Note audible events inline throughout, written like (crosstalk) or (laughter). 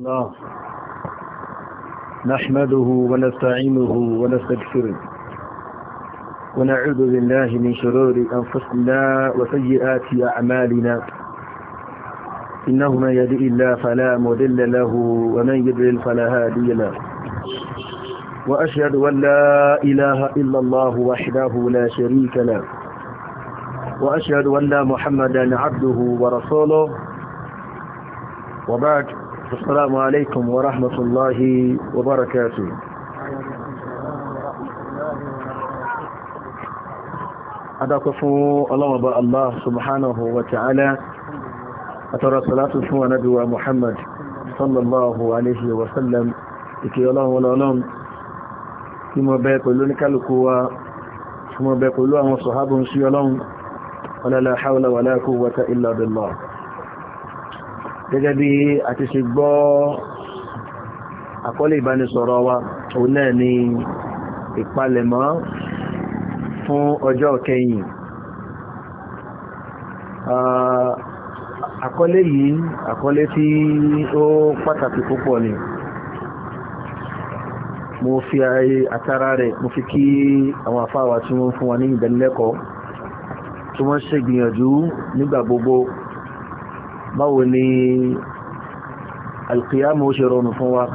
الله نحمده ونستعينه ونستغفره ونعوذ بالله من شرور أنفسنا وسيئات أعمالنا إنه من يدئ الله فلا مذل له ومن يدلل فلا هادي له وأشهد أن لا إله إلا الله وحده لا شريك له وأشهد أن محمدا عبده ورسوله وبعد السلام عليكم ورحمة الله وبركاته أدقفوا الله وبا الله سبحانه وتعالى أترى صلاة سوى نبي محمد صلى الله عليه وسلم إكي الله ولا لهم كما بيقولون كالكوا كما بيقولون وصحابهم سيولون ولا لا حول ولا قوة إلا بالله gẹ́gẹ́ bí a ti ṣe gbọ́ àkọlé ìbánisọ̀rọ̀ wa òun náà ni ìpalẹ̀mọ́ fún ọjọ́ kẹyìn ah, àkọlé yìí àkọlé tí ó pàtàkì púpọ̀ ni mo fi àtàrà rẹ̀ mo fi kí àwọn afáwà tí wọ́n fún wa ní ìdánilẹ́kọ̀ọ́ tí wọ́n ṣe nígbà gbogbo báwo ni alkiyamu ó ṣe rọrùn fún wa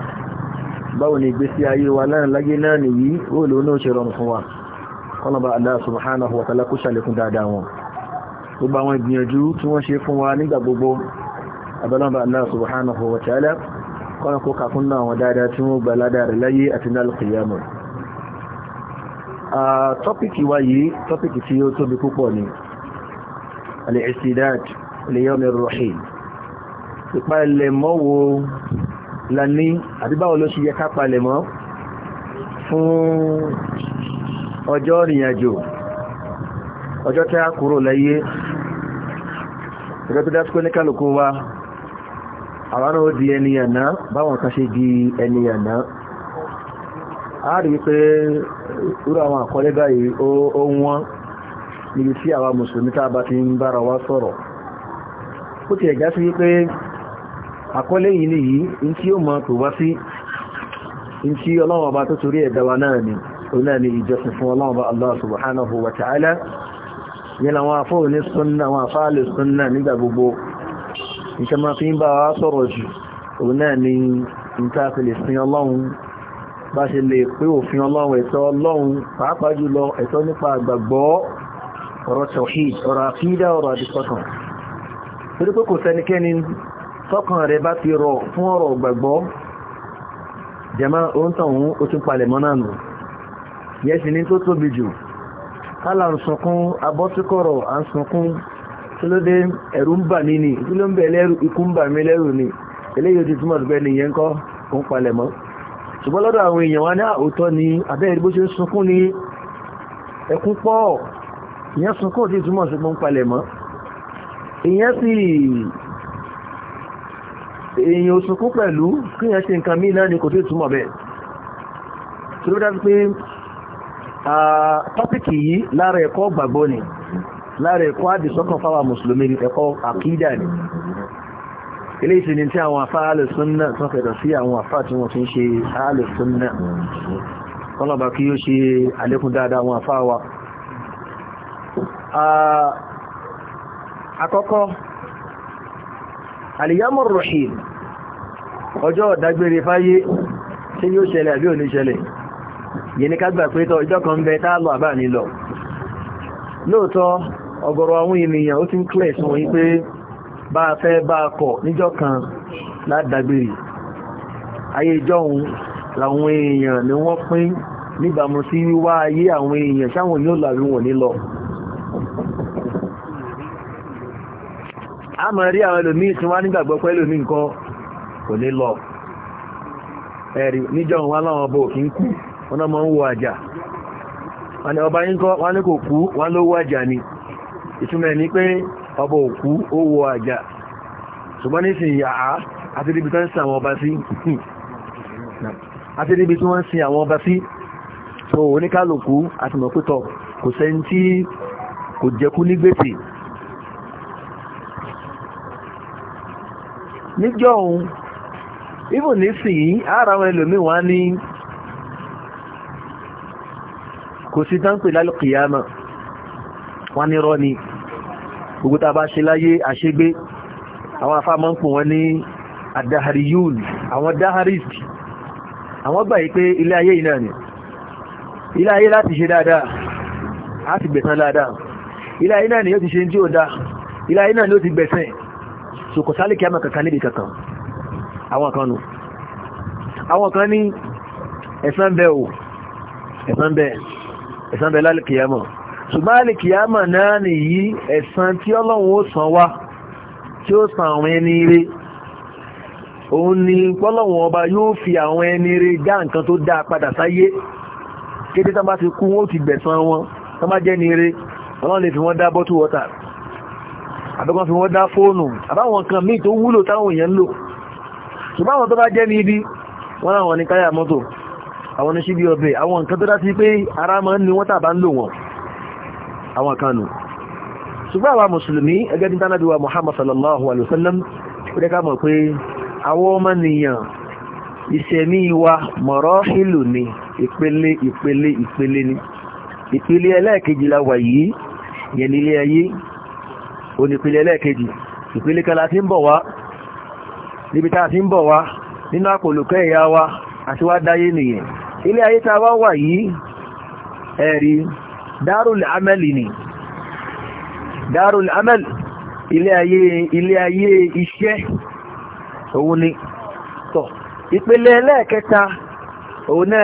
báwo ni ìgbésí ayé wa láàrin láyé náà nìyí ó lò náà ṣe rọrùn fún wa kọ́nàbà Allah subhanahu wa ta'ala kó ṣàlékún dáadáa wọn gbogbo àwọn ìgbìyànjú tí wọ́n ṣe fún wa nígbà gbogbo abẹ́lọ́nà Allah subhanahu wa ta'ala tọ́pìkì wa yìí tọ́pìkì tí ó tóbi púpọ̀ ni al-isti'dad li yawmi ar ìpalẹ̀mọ́ wo la ní àdíbáwò ló ṣe yẹ ká palẹ̀mọ́ fún ọjọ́ ìrìnàjò ọjọ́ tí a kúrò láyé ní wa àwọn ó di ẹni báwọn ṣe di ẹni a rí pé àwọn àkọlé báyìí ó wọ́n níbi tí àwa mùsùlùmí ń wa àkọlé yìí ni yìí in tí ó mọ̀ tó wá sí in tí ọlọ́wọ́ bá tó torí ẹ̀dáwà náà ni ọ̀nà ni ìjọsìn fún ọlọ́wọ́ bá Allah subhanahu wa ta'ala yẹn àwọn afọ́ òní súnnà àwọn afáàlè súnnà nígbà gbogbo nǹkan máa fi ń bá wa sọ̀rọ̀ jù ọ̀nà ni ọ̀rọ̀ tawhid ọ̀rọ̀ àkídà ọ̀rọ̀ àdìsọ́kàn torí pé kò sẹ́nikẹ́ni tọ́kàn rẹ̀ bá ti rọ̀ fún ọ̀rọ̀ gbàgbọ́ jẹma oúntọ̀hún ó tún palẹ̀ mọ́ náà nù yẹ́sì ní tó tóbi jù kálà ń sunkún abọ́síkọ̀rọ̀ à ń sunkún tí ló dé ẹ̀rù ń bà mí ni tí ló ń bẹ̀ lẹ́rù ikú ń bà mí lẹ́rù ni eléyìí ti túmọ̀ bẹ́ẹ̀ nìyẹn kọ́ kó ń palẹ̀ mọ́ ṣùgbọ́n sí èyàn òṣùnkún pẹ̀lú kí yẹn ṣe nǹkan míì náà ni kò tí túmọ̀ bẹ́ẹ̀ tí ó dájú pé tọ́pìkì yìí lára ẹ̀kọ́ gbàgbọ́ ni lára ẹ̀kọ́ àdìsọ́kàn fáwà mùsùlùmí ẹ̀kọ́ àkídà ni ilé ìsìn ni tí àwọn afá alẹ́sùnnà tó fẹ̀dọ̀ sí àwọn afá tí wọ́n fi ń ṣe alẹ́sùnnà kọ́lọ̀bà kí ó ṣe àlékún dáadáa àwọn afá wa àkọ́kọ́ àlìyámọ̀ rọ̀hìn ọjọ́ dágbére fáyé tí yóò ṣẹlẹ̀ àbí òní ṣẹlẹ̀ yìí ni ká gbà pé tọ ìjọ kan bẹ táàlọ àbá nílọ lóòótọ́ ọ̀gọ̀rọ̀ àwọn ènìyàn ó ti ń kílẹ̀ sí wọ́n pé bá a fẹ́ bá a kọ̀ níjọ́ kan ládágbére ayé a mọ̀ rí àwọn ẹlòmí tí wọ́n nígbàgbọ́ pé ẹlòmí nǹkan kò ní lọ ẹ̀rí níjọ wọn láwọn ọba òkín kú wọn mọ́ ń wo àjà wọn ni ọba yín kọ́ wọn ní kò kú wọn ló wo àjà ni ìtumọ̀ ní pé ọba òkú ó wo àjà ṣùgbọ́n nísìnyí àá àti ibi tí wọ́n ń sin àwọn ọba sí so oníkálukú àti mọ̀kútọ̀ kò sẹ́ni tí kò jẹ́kú ní níjọ́ òun ibùn nísìnyí ara àwọn ẹlòmíì wá ní kò sí dáńpé lálùkìyàmà wọ́n ní rọ́ ni gbogbo tá a bá ṣe láyé àṣegbé àwọn afámọ́ ń pò wọ́n ní àdáhariyún àwọn dáharist àwọn gbà yí pé ilé ayé yìí náà ni ilé ayé láti ṣe dáadáa á ti dáadáa ilé ayé náà ni yóò ti ṣe tí ó dá ilé ayé náà ni ó ti gbẹ̀san so kò sálẹ̀ kí a máa kankan níbi kankan àwọn kan nù àwọn kan ní ẹ̀san bẹ́ o ẹ̀san bẹ́ ṣùgbọ́n lálẹ̀ kìyàmọ̀ náà nìyí ẹ̀san tí ọlọ́run ó san wá tí ó san àwọn ẹni ire òun ni pọ́lọ́wọ̀n ọba yóò fi àwọn ẹni ire dá nǹkan tó dáa padà sáyé kété tán bá ti kú wọn ó ti gbẹ̀san wọn tán bá jẹ́ ni ire ọlọ́run lè fi wọ́n dá bọ́tù wọ́tà àbẹ́kọ́ fi wọ́n dá fóònù àbáwọn nǹkan míì tó wúlò táwọn èèyàn ń lò ṣùgbọ́n àwọn tó bá jẹ́ ní ibi wọ́n láwọn ní káyà mọ́tò àwọn ní ṣíbí ọbẹ̀ àwọn nǹkan tó dá sí pé ara máa ń ní wọ́n tàbá ń lò wọ́n àwọn kan nù ṣùgbọ́n àwọn mùsùlùmí ẹgẹ́ tí tánàbí wa Muhammad sallallahu alaihi wasallam ó dẹ́ ká mọ̀ pé àwọn ọmọ nìyàn ìṣẹ̀mí wa mọ̀rọ́hìlù ni ìpele ìpele ìpele ni ìpele ẹlẹ́ẹ̀kejì la wà yìí yẹn nílé ayé ó ní ìpele ẹlẹ́ẹ̀kejì ìpele kan la ti ń bọ̀ wá níbi tá a ti ń bọ̀ wá nínú àpòlùkọ́ ẹ̀yà wa àti wá dáyé nìyẹn ilé ayé tá a wá wà yìí ẹ̀rí dárùl amẹ́lì ni dárùl amẹ́lì ilé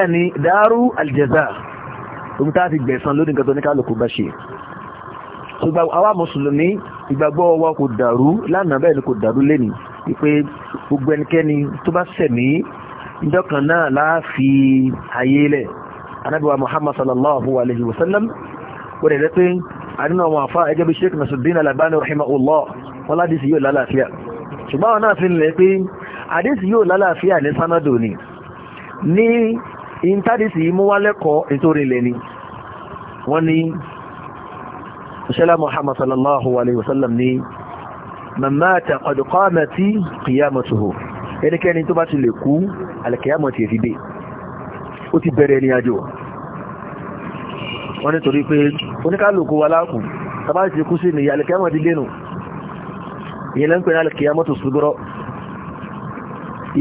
ayé tá a ti gbẹ̀san lónìí nǹkan tó ní kálukú bá ṣe ṣùgbọ́n àwa mùsùlùmí ìgbàgbọ́ wa kò dàrú lánàá bẹ́ẹ̀ ni kò dàrú lẹ́nu wípé gbogbo ẹnikẹ́ni tó bá sẹ̀mí ìjọkàn náà láàfi ayé lẹ̀ anábíwá muhammad sallallahu alayhi wa sallam wọ́n rẹ̀ pé àdínà àwọn àfá ẹgẹ́ bí sheikh nasuddin alabani rahimahullah wọ́n ládìsí yóò lálàáfíà ṣùgbọ́n àwọn náà fi lẹ̀ pé àdìsí yóò lálàáfíà ní sanado ni ní ìntàdìsí mú wálẹ́kọ̀ọ́ nítorí lẹ́ni wọ́n ní ìṣẹ́lá muhammad sallallahu alayhi wasallam ni mamma ta qad qamati qiyamatuhu ẹnikẹ́ni tó bá ti lè kú alìkìyàmọ̀ ti èdìdè ó ti bẹ̀rẹ̀ ní àjò wọ́n nítorí pé oníkálùkù wa lákùn tàbá ti kú sí ni alìkìyàmọ̀ ti dénú ìyẹn lẹ́nkpẹ̀ ní alìkìyàmọ̀ tó sùgbọ́rọ̀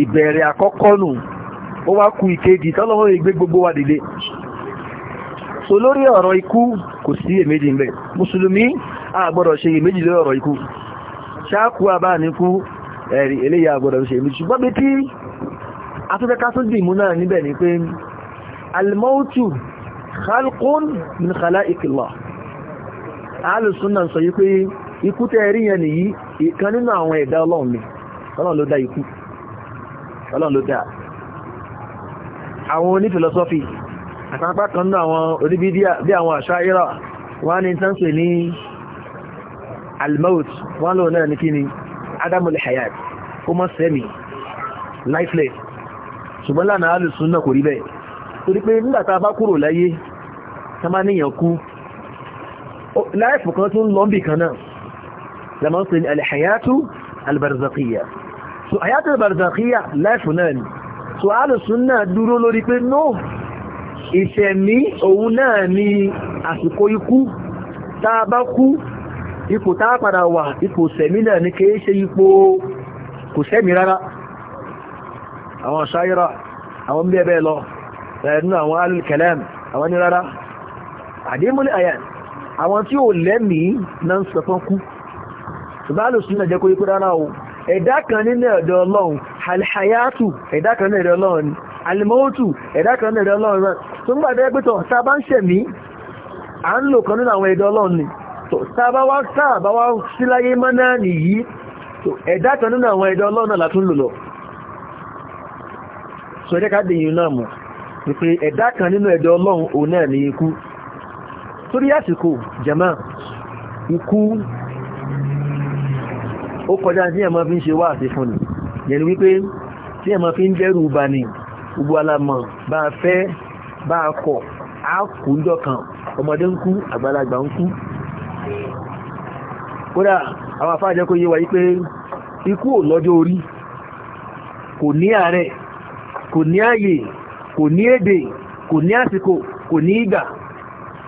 ìbẹ̀rẹ̀ àkọ́kọ́ nù ó wá ku ìkejì tọ́lọ́wọ́ ìgbé gbogbo wa dìde so lórí ọ̀rọ̀ ikú kò sí èméjì ń bẹ̀ mùsùlùmí àgbọ́dọ̀ ṣe èméjì lórí ọ̀rọ̀ ikú ṣáàkú àbánikú ẹ̀rì eléyà àgbọ́dọ̀ ṣe èméjì ṣùgbọ́n bí tí afẹ́fẹ́ká tún dìmú náà níbẹ̀ ni pé almautu khalqun min khalaiqillah alùsùnà sọ yí pé ikú tẹ́ rí àwọn ẹ̀dá ọlọ́run àtàpá kan náà àwọn oríbí bí àwọn àṣáírà wọ́n ní tán pè ní almout wọ́n lò náà ní kíni adamul hayat kó mọ́ sẹ́mi lifeless ṣùgbọ́n lánàá alùsùn náà kò rí bẹ́ẹ̀ torí pé nígbàtà bá kúrò láyé tá má níyàn kú láìfù kan tún lọ́mbì kan náà lẹ́mọ́ pè ní ìṣẹ̀mí òun náà ni àsìkò ikú tá a bá kú ipò tá a padà wà ipò sẹ̀mí náà ni kìí ṣe ipò kò sẹ́mí rárá àwọn ṣáyíra àwọn bẹ́ẹ̀bẹ́ lọ ẹ̀nú àwọn alìkẹlẹ́m àwọn ní rárá àdímúlẹ̀ àyà àwọn tí ó lẹ́mí náà sọpọ́n kú ṣùgbọ́n alùsùn náà jẹ́ kó ikú rárá o ẹ̀dá kan nínú ẹ̀dọ̀ ọlọ́run alhayatu kan nínú ẹ̀dọ̀ ọlọ́run alimotu ẹ̀dá kan nínú ẹ̀dá ọlọ́run náà tó ń gbàdé pẹ́tọ̀ ń à ń lò kan nínú àwọn ẹ̀dá ọlọ́run ni sábà wá sábà wá síláyé mọ́ náà nìyí ẹ̀dá kan nínú àwọn ẹ̀dá ọlọ́run náà látún lò lọ sọ jẹ́ ká dèyìn náà mọ̀ ẹ̀dá kan nínú ẹ̀dá ọlọ́run òun náà ní ikú torí àsìkò jẹ̀mọ́ fi ń ṣe wáàsí fún ni wípé fi ń dẹ́rù gbogbo alamọ̀ bá a fẹ́ bá a kọ̀ á kú ń dọ̀kan ọmọdé ń kú àgbàlagbà ń kú kódà àwọn afáàjẹ́ kó yé wa yí pé ikú ò lọ́jọ́ orí kò ní ààrẹ kò ní ààyè kò ní èdè kò ní àsìkò kò ní ìgbà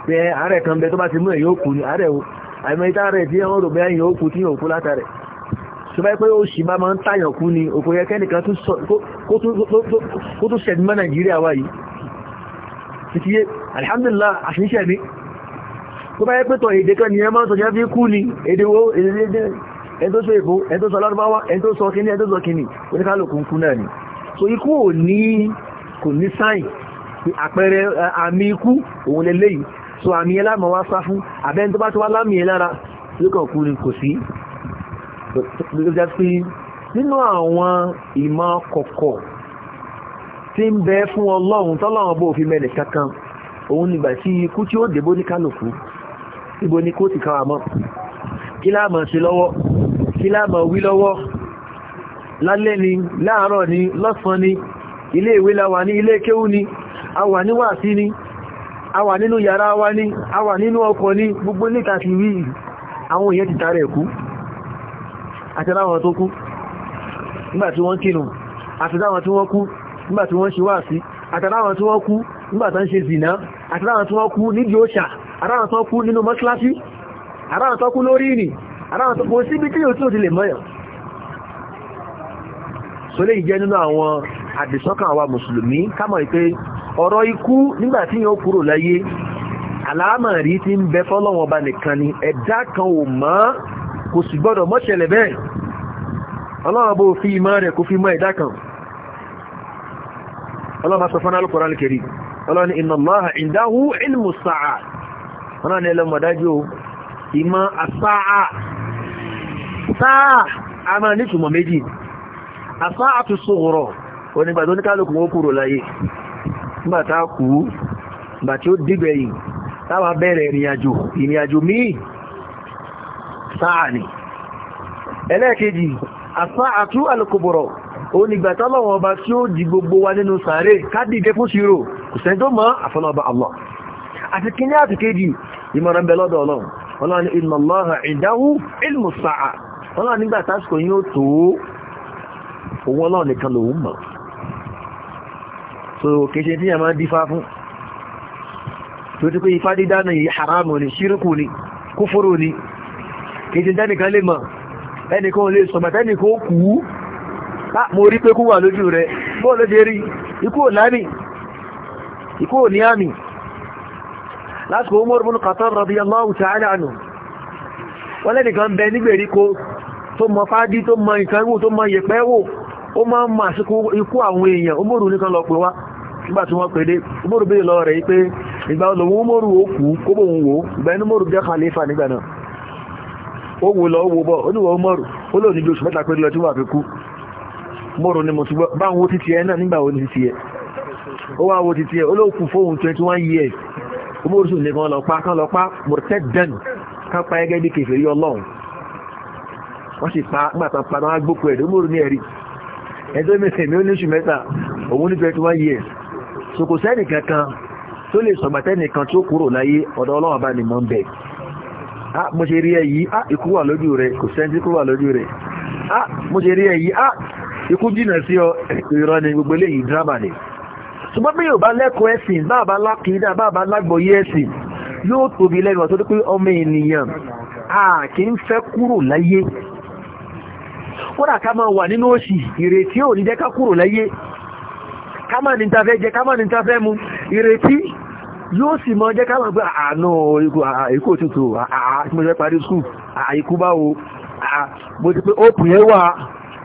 bẹ ààrẹ kan bẹ tó bá ti mú ẹ̀ yóò kú ni ààrẹ o àìmọ̀ ìta ààrẹ tí wọ́n rò bẹ́ẹ̀ yóò kú tí yóò kú látàrẹ̀ tó bá yẹ pé ó sì máa máa ń tàyàn kú ni òkò yẹ kẹ́nìkan kó tó ṣẹ̀dí mọ́ nàìjíríà wá yìí títí yé alhamdulillah àṣíṣẹ́ ni tó bá yẹ pé tọ̀ èdè kan ni ẹ máa ń sọ jẹ́ fi kú ni èdè wo èdè ẹn so ikú ò ní kò ní sáìn àpẹẹrẹ àmì ikú òun ló jẹ́ pé nínú àwọn ìmọ̀ kọ̀kọ̀ tí ń bẹ fún ọlọ́run tọ́lọ́run bó fi mẹ́lẹ̀ kankan òun nígbà tí ikú tí ó débó ní kálòkú ibo ni kó ti káwà mọ́ kí láàmọ̀ sí lọ́wọ́ kí láàmọ̀ wí lọ́wọ́ lálẹ́ ni láàárọ̀ ni lọ́sàn ni ilé ìwé la ní ilé kéwú ni a wà ní wàásí ni a wà nínú yàrá wa ni a wà nínú ọkọ̀ ni gbogbo níta ti rí àwọn èèyàn ti tààrẹ̀ kú àti láwọn tó kú nígbàtí wọ́n kínú àti láwọn tí wọ́n kú nígbàtí wọ́n ṣe wáàsí àti láwọn tí wọ́n kú nígbàtí wọ́n ṣe zìnà àti láwọn tí wọ́n kú níbi òṣà àráwọn tó kú nínú mọ́ṣáláṣí àráwọn tó kú lórí ìrì àráwọn tó kú síbi tí yóò tí ò ti lè mọ́yàn so lè jẹ́ nínú àwọn àdìsọ́kàn àwa mùsùlùmí kámọ̀ ìpé ọ̀rọ̀ ikú nígbàtí yóò kúrò láyé àlámọ̀rí ti ń bẹ fọ́lọ́wọ́n ọba nìkan ni ẹ̀dá kan ò mọ̀ kò sì gbọ́dọ̀ mọ́ ṣẹlẹ̀ bẹ́ẹ̀ ọlọ́run bó fi ìmọ̀ rẹ̀ kò fi mọ́ ẹ̀dá kan ọlọ́run sọ fún alukọ̀rọ̀ alìkẹrì ọlọ́run inna Allaha indahu ilmu sa'a ọlọ́run ni ẹlẹ́mọ̀dájú ìmọ̀ asáà sáà a máa nítumọ̀ méjì ní ìrìnàjò ìrìnàjò sáà ni ẹlẹ́ẹ̀kejì àsáàtú alùkòbòrò ó ní gbàtà lọ́wọ́ ọba tí ó di gbogbo wa nínú sàárè kádìdé fún ṣírò kò sẹ́ni tó mọ́ àfọlọ́ba Allah àti kíní àti kejì ìmọ̀ràn bẹ lọ́dọ̀ ọlọ́run ọlọ́run ni inna Allaha indahu ilmu sáà ọlọ́run nígbà tásìkò yín ó tó ni kìí ti tẹ́nìkan lè mọ̀ ẹnìkan lè sọ̀mọ̀ tẹ́nìkan ó kú mo rí pé kú wà lójú rẹ̀ bó ló ṣe rí ikú ò lámì ikú ò ní àmì lásìkò Umar bin Khattab radiyallahu ta'ala anhu wọ́n lẹ́nìkan bẹ nígbèríko tó mọ fádí tó mọ nǹkan wò tó mọ yẹ̀pẹ́ wò ó máa ń mọ àsìkò ikú àwọn èèyàn Umaru nìkan lọ pè wá nígbà tí wọ́n pèdé Umaru bí lọ rẹ̀ pé ìgbà olóhun Umaru ó kú kó bóun wò ìgbà inú Umaru jẹ́ khalifa nígbà náà ó wo lọ owó bọ́ oníwọ̀ mọ́rù ó lò níbi oṣù mẹ́ta pẹ̀lú ọdún wà fi kú mọ́rù ni mo ti gbọ́ báwọn owó títí ẹ náà nígbà wo ni títí ẹ ó wá owó títí ẹ ó lóòkù fóun 21 years ó mọ́rù sùn nìkan lọ pa kán lọ pa mọ̀tẹ́ dẹ́nu ká pa ẹgẹ́ bí kèfèrí ọlọ́run wọ́n sì pa gbàtà pa náà gbókò ẹ̀ mọ́rù ní ẹ̀rí ẹjọ́ mẹ́fẹ̀ mi ó ní oṣù mẹ́ta òun ní 21 years so kò sẹ́nì kankan tó lè sọ̀gbàtẹ́nì kan tó kúrò láyé ọ̀dọ̀ ọlọ́run bá ní mọ́ bẹ́ẹ̀ ah mo ṣe rí ẹ yìí ah ikú wà lójú rẹ kò sẹ́ńtì kú wà lójú rẹ ah mo ṣe rí ẹ yìí ah ikú jìnà sí ọ ìrọ̀ ni gbogbo eléyìí drama ni ṣùgbọ́n bí yóò bá lẹ́kọ̀ọ́ ẹ̀sìn báàbá lákìídà báàbá lágbọ̀ọ́yé ẹ̀sìn yóò tóbi lẹ́nu ọ̀tọ́ pé ọmọ ènìyàn a kì ń fẹ́ kúrò láyé kódà ká máa wà nínú òṣì ìrètí ò ní jẹ́ ká kúrò láyé ká máa ní ta fẹ́ jẹ ká yóò sì mọ jẹ́ káwọn pé àánú ah, ah, ah, ikú òtútù àti mo jẹ́ parí skul àìkú bá wo mo ti pé ópù yẹn wà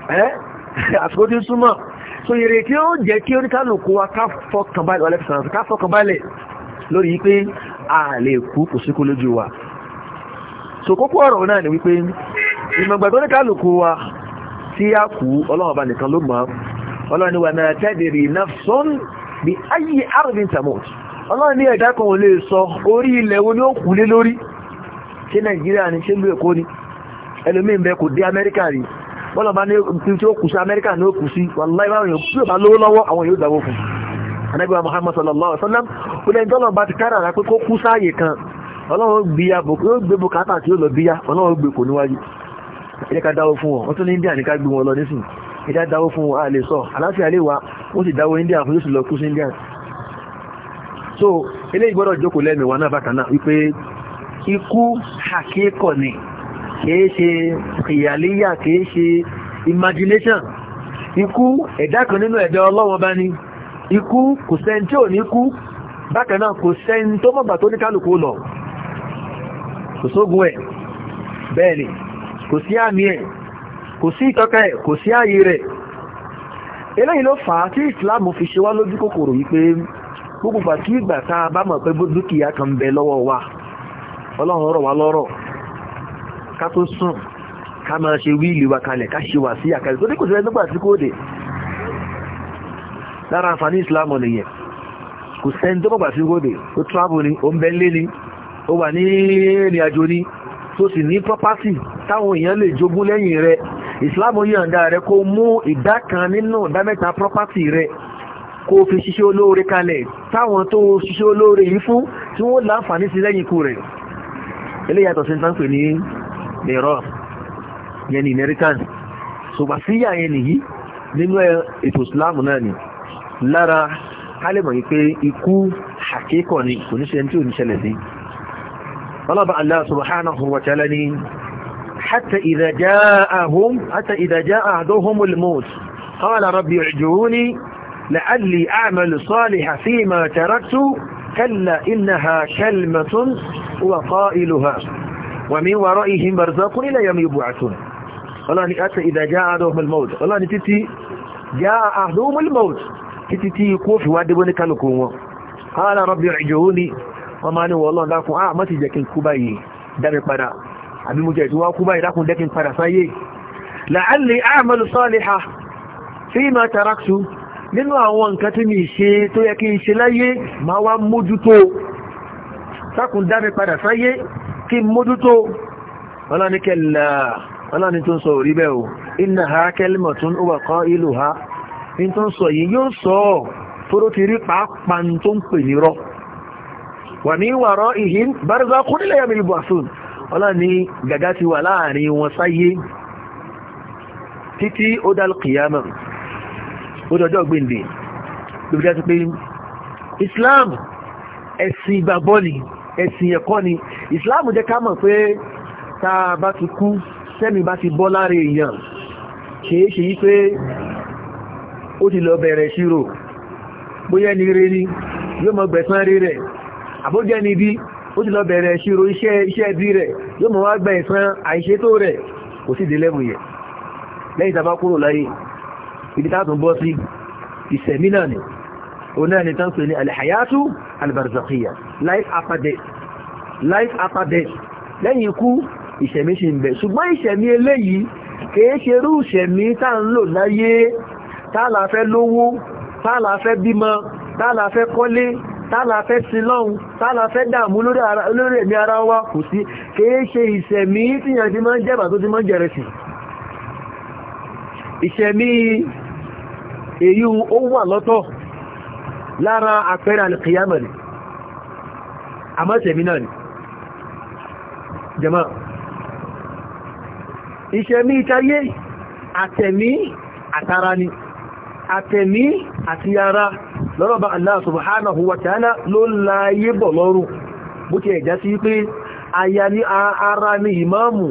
ẹ́ (laughs) àsìkò tí súnmọ́ so yèrè tí ó jẹ́ kí oníkálùkù wa káfọ́kànbalẹ̀ ọlẹ́fẹ̀sàn káfọ́kànbalẹ̀ lórí yí pé a lè kú kò síkú lójú wa so kókó ọ̀rọ̀ náà ni wípé ìmọ̀gbàgbọ́ oníkálùkù wa tí a kú ọlọ́run ọba nìkan ló mọ̀ ọlọ́run ni wà náà tadri nafsun bí ayé àrùn ní tàmọ́tù ọlọ́run ní ẹ̀dá kan ò lè sọ orí ilẹ̀ wo ni ó kù lé lórí ṣé nàìjíríà ni ṣé lóòkó ni ẹlòmíì bẹ kò dé amẹ́ríkà rí bọ́lọ̀ bá ní tí ó kù sí amẹ́ríkà ní ó kù sí wàláì báwọn èèyàn tí ó bá sallallahu alaihi wasallam ó lẹ́yìn tọ́lọ̀ bá ti kára pé kó kú sáàyè kan ọlọ́run gbìyà yóò gbé bùkátà tí ó lọ bíyà ọlọ́run gbé india ní ká gbé wọn lọ nísìn ẹ jẹ́ dáwó fún wọn india fún yóò sì india so ilé ìgbọ́dọ̀ jókòó lẹ́mìí wọn náà bákan iku wípé ni kìí ṣe ìyàlíyà kìí ṣe imagination ikú ẹ̀dá kan nínú ẹ̀dá Ọlọ́run bá ní ikú kò sẹ́ni tí ò ní kú bákan kò sẹ́ni tó mọ̀gbà tó ní kálukú lọ kò sógun ẹ̀ kò sí àmì ẹ̀ kò sí fi ṣe wá lójú gbogbo ìgbà kí ìgbà tá bá mọ̀ pé dúkìá kan bẹ lọ́wọ́ wa ọlọ́run rọ̀ wá lọ́rọ̀ ká tó sùn ká máa ṣe wíìlì wa kalẹ̀ ká ṣe wà sí àkàlẹ̀ tó dínkù sí ẹni nígbà tí lára àǹfààní ìsìlámù nìyẹn kò sẹ́ni tó bọ̀gbà sí kò dé ó ni ó ń bẹ lé ni ó wà ní ìrìn àjò ni tó sì ní property táwọn èèyàn lè jogún lẹ́yìn rẹ̀ ìsìlámù yọ̀ǹda rẹ̀ kó mú ìdá kan nínú ìdá mẹ́ta property rẹ̀ kó fi ṣiṣẹ́ olóore kalẹ̀ táwọn tó ṣiṣẹ́ olóore yìí fún tí wọ́n láǹfààní sí lẹ́yìn ikú rẹ̀ ilé yàtọ̀ sí tánpẹ̀ ní lẹ́rọ̀ yẹn ni american sọgbàsíyà yẹn nìyí nínú ètò Islam náà ni lára kálẹ̀mọ̀ yìí pé ikú àkíkọ̀ ni kò ní ṣẹlẹ̀ tí ò ní sí ọlọ́bà Allah subhanahu لعلي أعمل صالحا فيما تركت كلا إنها كلمة وقائلها ومن ورائهم برزاق إلى يوم يبعثون الله أتى إذا جاء أحدهم الموت الله تتي جاء أحدهم الموت تتي يقوف وادبون كالكوم قال ربي عجوني وما أنا والله لكم آه ما تجاكين كوباي دمي قدا أبي مجاز وكوباي لكم دكين قدا لعلي أعمل صالحة فيما تركت nínú àwọn nǹkan tí mi ṣe tó yẹ kí n ṣe láyé ma wá mójútó sákùn dá mi padà sáyé kí n mójútó ọlọ́ni kẹlẹ̀ ọlọ́ni tó ń sọ orí bẹ́ẹ̀ o iná ha kẹlìmọ̀ tó ń wà kọ́ ìlú ha in tó ń sọ yìí yóò sọ ọ́ ti rí pàápàá tó ń pè ní rọ́ wà ní wàrọ́ ìhìn bárzá kún nílẹ̀ yàmì ìbùasùn ọlọ́ni gàgá ti wà láàrin wọn sáyé títí ó dálùkìyàmọ̀ ó dọjọ́ gbèǹdè lóbi dájú pé Islam ẹ̀sìn ìgbàgbọ́ ni ẹ̀sìn ẹ̀kọ́ ni Islam jẹ́ ká mọ̀ pé tá a bá ti kú sẹ́mi bá ti bọ́ láre èèyàn kìí ṣe yí pé ó ti lọ bẹ̀rẹ̀ ṣírò bóyá ni rere ni yóò mọ gbẹ̀san rere rẹ̀ àbójẹ́ ni bí ó ti lọ bẹ̀rẹ̀ ṣírò iṣẹ́ bí rẹ̀ yóò mọ wá gbẹ̀san àìṣètò rẹ̀ kò sí délẹ́mù yẹ lẹ́yìn tàbá kúrò láyé ibi tààtùn bọ́ sí ìsẹ̀mí náà ni o náà ni tánsọ ní alìhayatu albarzakhiya life after death life after death lẹ́yìn ikú ìsẹ̀mí ṣe ń bẹ ṣùgbọ́n ìsẹ̀mí eléyìí kìí ṣe rú ìsẹ̀mí tá ń lò láyé tààlà fẹ́ lówó tààlà fẹ́ bímọ tààlà fẹ́ kọ́lé tààlà fẹ́ sílọ́un tààlà fẹ́ dààmú lórí ẹ̀mí ara wa kò sí kìí ṣe ìsẹ̀mí tíyàn máa ń jẹ́bà tó ti máa ń jẹ́rẹ̀ sí ìsẹ̀mí èyí ó wà lọ́tọ̀ lára àpẹẹrẹ alìkìyàmọ̀ ni àmọ́sẹ̀mí náà ni jẹma ìṣẹ̀mí ìtayé àtẹ̀mí àtara ni àtẹ̀mí àti ara lọ́rọ̀bá Allah subhanahu wa ta'ala ló láyé bọ̀ lọ́rùn bó ti ẹ̀já sí pé aya ní ara ni ìmáàmù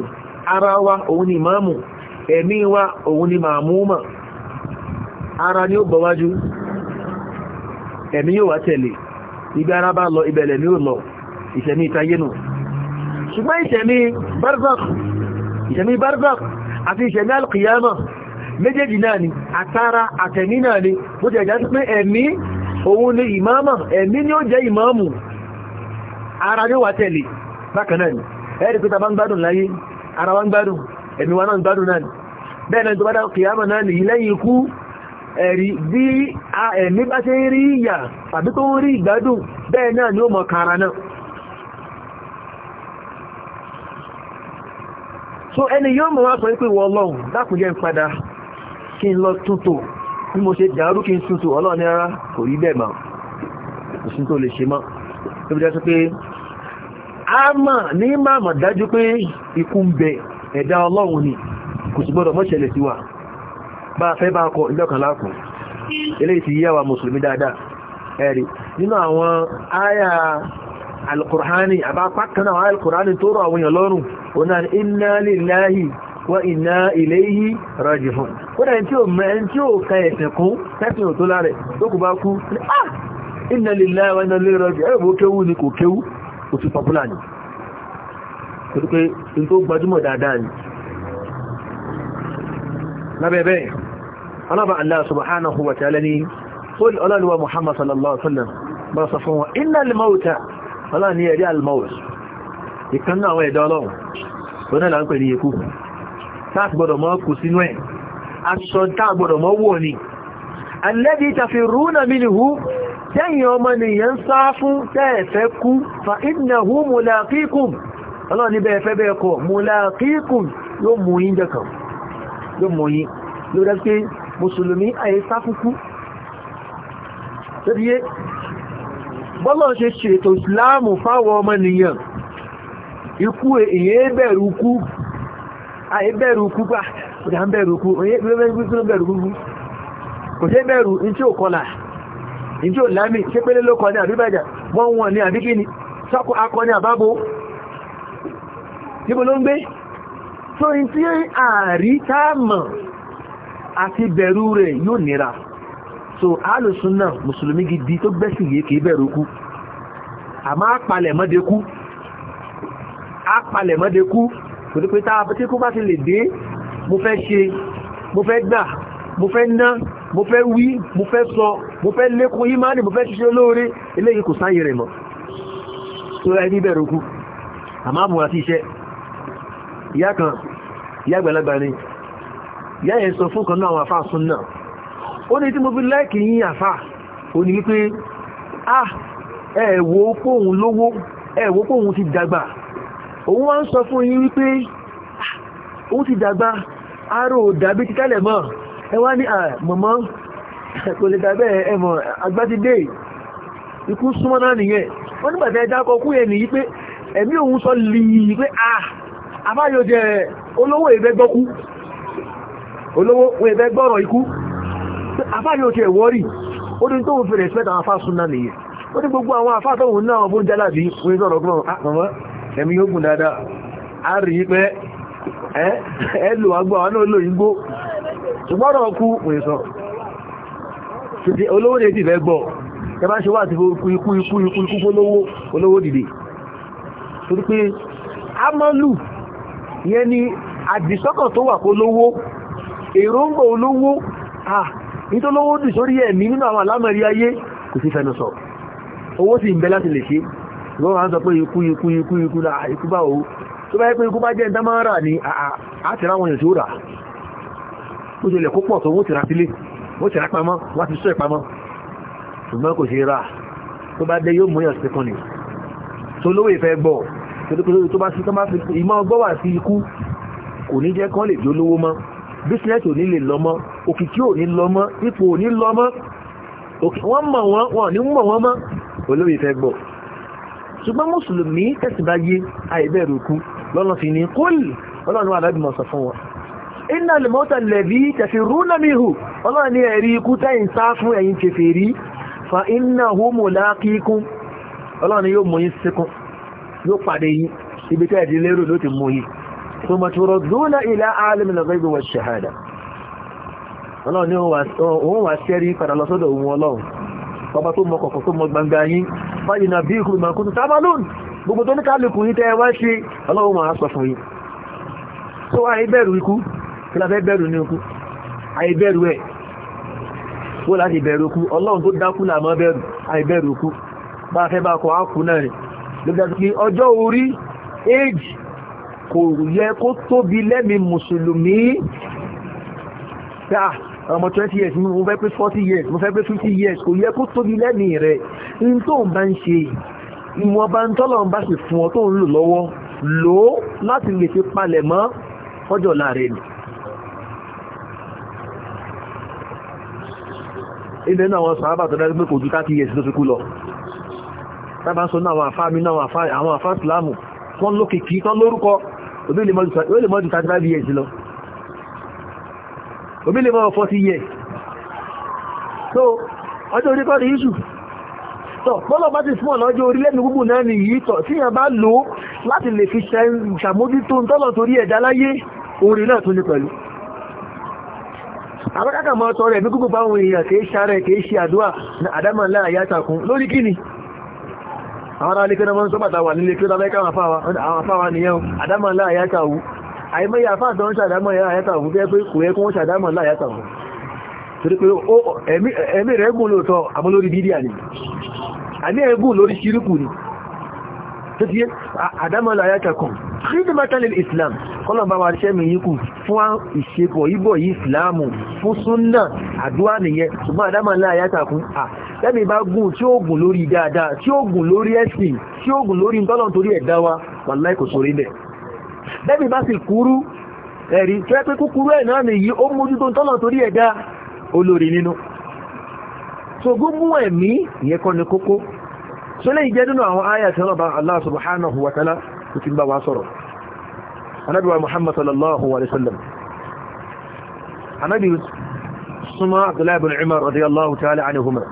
ara wa òun ni ìmáàmù ẹ̀mí wa òun ni màmúmà ara ni ó gbọ́wájú ẹ̀mí yóò wá tẹ̀lé ibi ara bá lọ ibẹ̀lẹ̀ ni ó lọ ìṣẹ̀mí ìtayénù ṣùgbọ́n ìṣẹ̀mí barzakh ìṣẹ̀mí barzakh àti ìṣẹ̀mí alkiyama méjèèjì náà ni àtàrà àtẹ̀mí náà ni ó jẹ́ ìjá pé ẹ̀mí òun ni ìmáàmà ẹ̀mí ni ó jẹ́ ìmáàmù ara ni ó wà tẹ̀lé bákan náà ni ẹ̀rì pé tàbá ń gbádùn láyé ara wa ń gbádùn ẹ̀mí wa náà ń gbádùn náà ni bẹ́ẹ̀ náà tó bá dá kìyàmà náà nìyí lẹ́yìn ikú ẹ̀rí bí ẹ̀mí bá ṣe rí ìyà tàbí tó ń rí ìgbádùn bẹ́ẹ̀ náà ni ó mọ̀ so ẹni yóò mọ̀ wá sọ wípé wọ ọlọ́run dákùnjẹ́ ń padà kí n lọ túntò bí mo ṣe dàrú kí n túntò ọlọ́run ara kò rí bẹ́ẹ̀ a bá fẹ́ bá kọ ìjọkànlá fún ilé ti yẹwà mùsùlùmí dáadáa ẹ̀rí nínú àwọn àyà alkùrhánì àbápákaná àwọn alkùrhánì tó rọ àwọn èèyàn lọ́rùn ọ̀nà inna lillahi wa inna ilayhi raji'un kódà tí ó mẹ́ tí ó ka ẹ̀sẹ̀ kún tẹ́sìn ò tó lárẹ̀ tó kù bá kú ah, lillahi wa inna ni ọlọ́bà Allah subhanahu wa ta'ala ni ọlọ́lùwà Muhammad sallallahu alaihi wasallam bá sọ fún wọn iná almauta ọlọ́run ni ẹ̀rí almaut ìkan náà àwọn ẹ̀dá ọlọ́run tó náà láń pè ní ikú táàkì gbọdọ̀ mọ́ kù sínú ẹ̀ aṣọ táàkì gbọdọ̀ mọ́ wò ní alladhi tafirruna minhu tẹ́yìn ọmọ nìyàn sá fún tẹ́ẹ̀fẹ́ kú fa innahu mulaqikum ọlọ́run ni bẹ́ẹ̀ fẹ́ bẹ́ẹ̀ kọ mulaqikum yóò mú yín jẹ́ kan yóò mú yín ló dẹ́ pé Musulumi àyè sáfúkú tẹ́bíyé bọ́lọ̀ ṣe ṣètò islamu fáwọn ọmọnìyàn ikú èyẹ bẹ̀rù kú àyè bẹ̀rù kú pà òdá ń bẹ̀rù kú òyẹ́ bẹ̀rù kú kò ṣe bẹ̀rù in tí ò kọlà in tí lámì ṣe ló kọ ní àbíbàjá wọ́n wọ́n ní akọ ní àti bẹ̀rù rẹ̀ yóò nira so alùsùn náà mùsùlùmí gidi tó gbẹ́sì yìí kìí bẹ̀rù kú àmọ́ apalẹ̀ mọ́dé kú apalẹ̀ mọ́dé kú kò tó pé tí kú bá ti lè dé mo fẹ́ ṣe mo fẹ́ gbà mo fẹ́ ná mo fẹ́ wí mo fẹ́ sọ mo fẹ́ lékún ìmáni mo fẹ́ ṣiṣẹ́ lóore eléyìí kò sáyé rẹ̀ mọ́ tó ẹni bẹ̀rù kú àmọ́ àmúra sí iṣẹ́ ìyá kan ìyá àgbàlagbà ni ìyá yẹn sọ fún kan náà àwọn àfáà súnnà ó ní tí mo fi láìkì yí àfáà ó ní wípé ah ẹ̀wò póhun lówó ẹ̀wò póhun ti dàgbà òun wá ń sọ fún yín wípé ah, òun ti dàgbà arò dàbí ti tẹ́lẹ̀ mọ́ ẹ wá ní ah, mọ̀mọ́ kò lè dàbẹ́ ẹ̀mọ̀ agbátidé ikú súnmọ́ náà nìyẹn wọ́n nígbàtẹ́ dákọ̀ kú yẹn nìyí pé ẹ̀mí òun sọ lìí pé ah àbáyọ̀ jẹ́ olówó ìbẹ́gbọ́kú olówó wọ́n ẹ̀fẹ́ gbọ́rọ̀ ikú afáàrí òkè ẹ̀wọ́rì ó ní tó ń fèrè ẹ̀sìpẹ́ta àwọn afá súnà nìyẹn ó ní gbogbo àwọn afá tó ń náà bóun jálà bí wọ́n sọ̀rọ̀ gbọ́n ah, àpamọ́ ẹ̀mí yóò gùn dáadáa a rí i pé ẹ lò àgbà wọn náà lò yí ni ti fẹ́ gbọ́ ẹ bá ṣe wà ti tó wà kó lówó èròǹgbò olówó nítólówó dì sórí ẹ̀mí nínú àwọn alámọ̀rí ayé kò sí fẹnu sọ owó sì ń bẹ láti lè ṣe wọ́n wá ń sọ pé ikú ikú ikú ikú náà ikú bá o tó bá yẹ pé ikú bá jẹ́ ìdámọ́ra ní àtìrá wọn yẹ̀sí ó rà ó jẹ́ ilẹ̀ kó pọ̀ tó wọ́n tìrá sílé wọ́n tìrá pamọ́ wọ́n ti sọ ìpamọ́ ṣùgbọ́n kò ṣe rà tó bá dé yóò mú yàn síkọ́ ni ní jẹ́ kán lè jólówó mọ́ bísínẹ́sì ò ní lè lọ́mọ́ òkìkí ò ní lọ́mọ́ ipò ò ní lọ́mọ́ wọ́n mọ̀ wọ́n wọ́n ní mọ̀ wọ́n mọ́ olóyè fẹ́ gbọ́ ṣùgbọ́n mùsùlùmí tẹ̀síbáyé àìbẹ̀rù ikú lọ́nà fi ní kólì ọlọ́run alábìmọ̀ sọ fún wọn iná fa iná homo lákíkún ọlọ́run yóò mú yín síkún yóò pàdé yín ibi tẹ́ẹ̀dì lérò ló ti mú yín ثم تردون إلى عالم الغيب والشهادة ọlọ́run ni òun wà ṣẹ́rí padà lọ sọ́dọ̀ ohun ọlọ́run ọba tó mọ kọ̀kọ̀ tó mọ gbangba yín báyìí na bí ìkùnmọ̀ kúrò sábà lóòn gbogbo tó ní kálùkù yí tẹ́ wá ṣe ọlọ́run máa sọ fún yín tó àì bẹ̀rù ikú kí la fẹ́ bẹ̀rù ní ikú àì bẹ̀rù ẹ̀ wó láti bẹ̀rù ikú ọlọ́run tó dákú là mọ́ bẹ̀rù àì bẹ̀rù ikú bá fẹ́ bá kọ ákù náà rẹ̀ lóbi kò yẹ kó tóbi lẹ́mi mùsùlùmí tá ah, ọmọ 20 years mo fẹ́ pé 40 years mo fẹ́ pé 50 years kò yẹ kó tóbi lẹ́mi rẹ̀ in tó ń bá ń ṣe ìwọ̀n bá ń tọ́lọ̀ ń bá sì fún ọ tó ń lò lọ́wọ́ lò ó láti lè fi palẹ̀ mọ́ ọjọ́ láàrin ni ilẹ̀ náà wọn sàábà tó dájú pé kò ju 30 years ló fi kú lọ tábà ń sọ náà àwọn àfáà mi náà àwọn àfáà ìsìlámù tán lókìkí tán lórúkọ òbí lè mọ́ ju 35 years lọ òbí lè mọ́ 40 years so ọjọ́ orí kọ́ ní iṣù tọ̀ bọ́lọ̀ bá ti fún ọ̀lọ́jọ́ orílẹ̀-èdè gbogbo náà ni yìí tọ̀ tí yàn bá lò láti lè fi ṣàmójútó ń tọ́lọ̀ torí ẹ̀dá láyé orin náà tún ní pẹ̀lú àbákàkà mọ́ tọrẹ ẹ̀mí gbogbo báwọn èèyàn kìí ṣàrẹ kìí ṣe àdúrà àdámọ̀lá àyátakùn lórí kíni àwọn ará alékẹ́ náà sọ bàtà wà nílé kí ó tàbí káwọn afáwa nìyẹn àdámà láàyátàwó àìmọ́yà afáàtọ̀ ń ṣàdámà láàyátàwó fẹ́ pé kò yẹ kí wọ́n ṣàdámà láàyátàwó torí pé ẹ̀mí rẹ̀ gùn lóòtọ́ àmọ́ lórí bídíà ni àmì ẹ̀ gùn lórí ṣírùkù ni tó ti yé àdámà láàyátàkùn kírídìmátàlẹ̀ Islam kọ́lọ̀ bá wa ṣẹ́ mi yíkù fún ìṣepọ̀ ìbọ̀ yìí Islam fún súnnà àdúrà nìyẹn ṣùgbọ́n àdámà láàyátàkùn tẹ́mi bá gùn tí ó gùn lórí dáadáa tí ó gùn lórí ẹ̀sìn tí ó gùn lórí ntọ́lọ̀ torí ẹ̀dá wa wàláì kò sórí bẹ̀ tẹ́mi bá sì kúrú ẹ̀rí tẹ́ pé kúkúrú ẹ̀ náà nìyí ó mójútó ntọ́lọ̀ torí ẹ̀dá olórí nínú so gbogbo ẹ̀mí ìyẹn kọ́ ni kókó so lè jẹ́ nínú àwọn ayà tí wọ́n bá Allah subhanahu wa ta'ala tó ti bá wa sọ̀rọ̀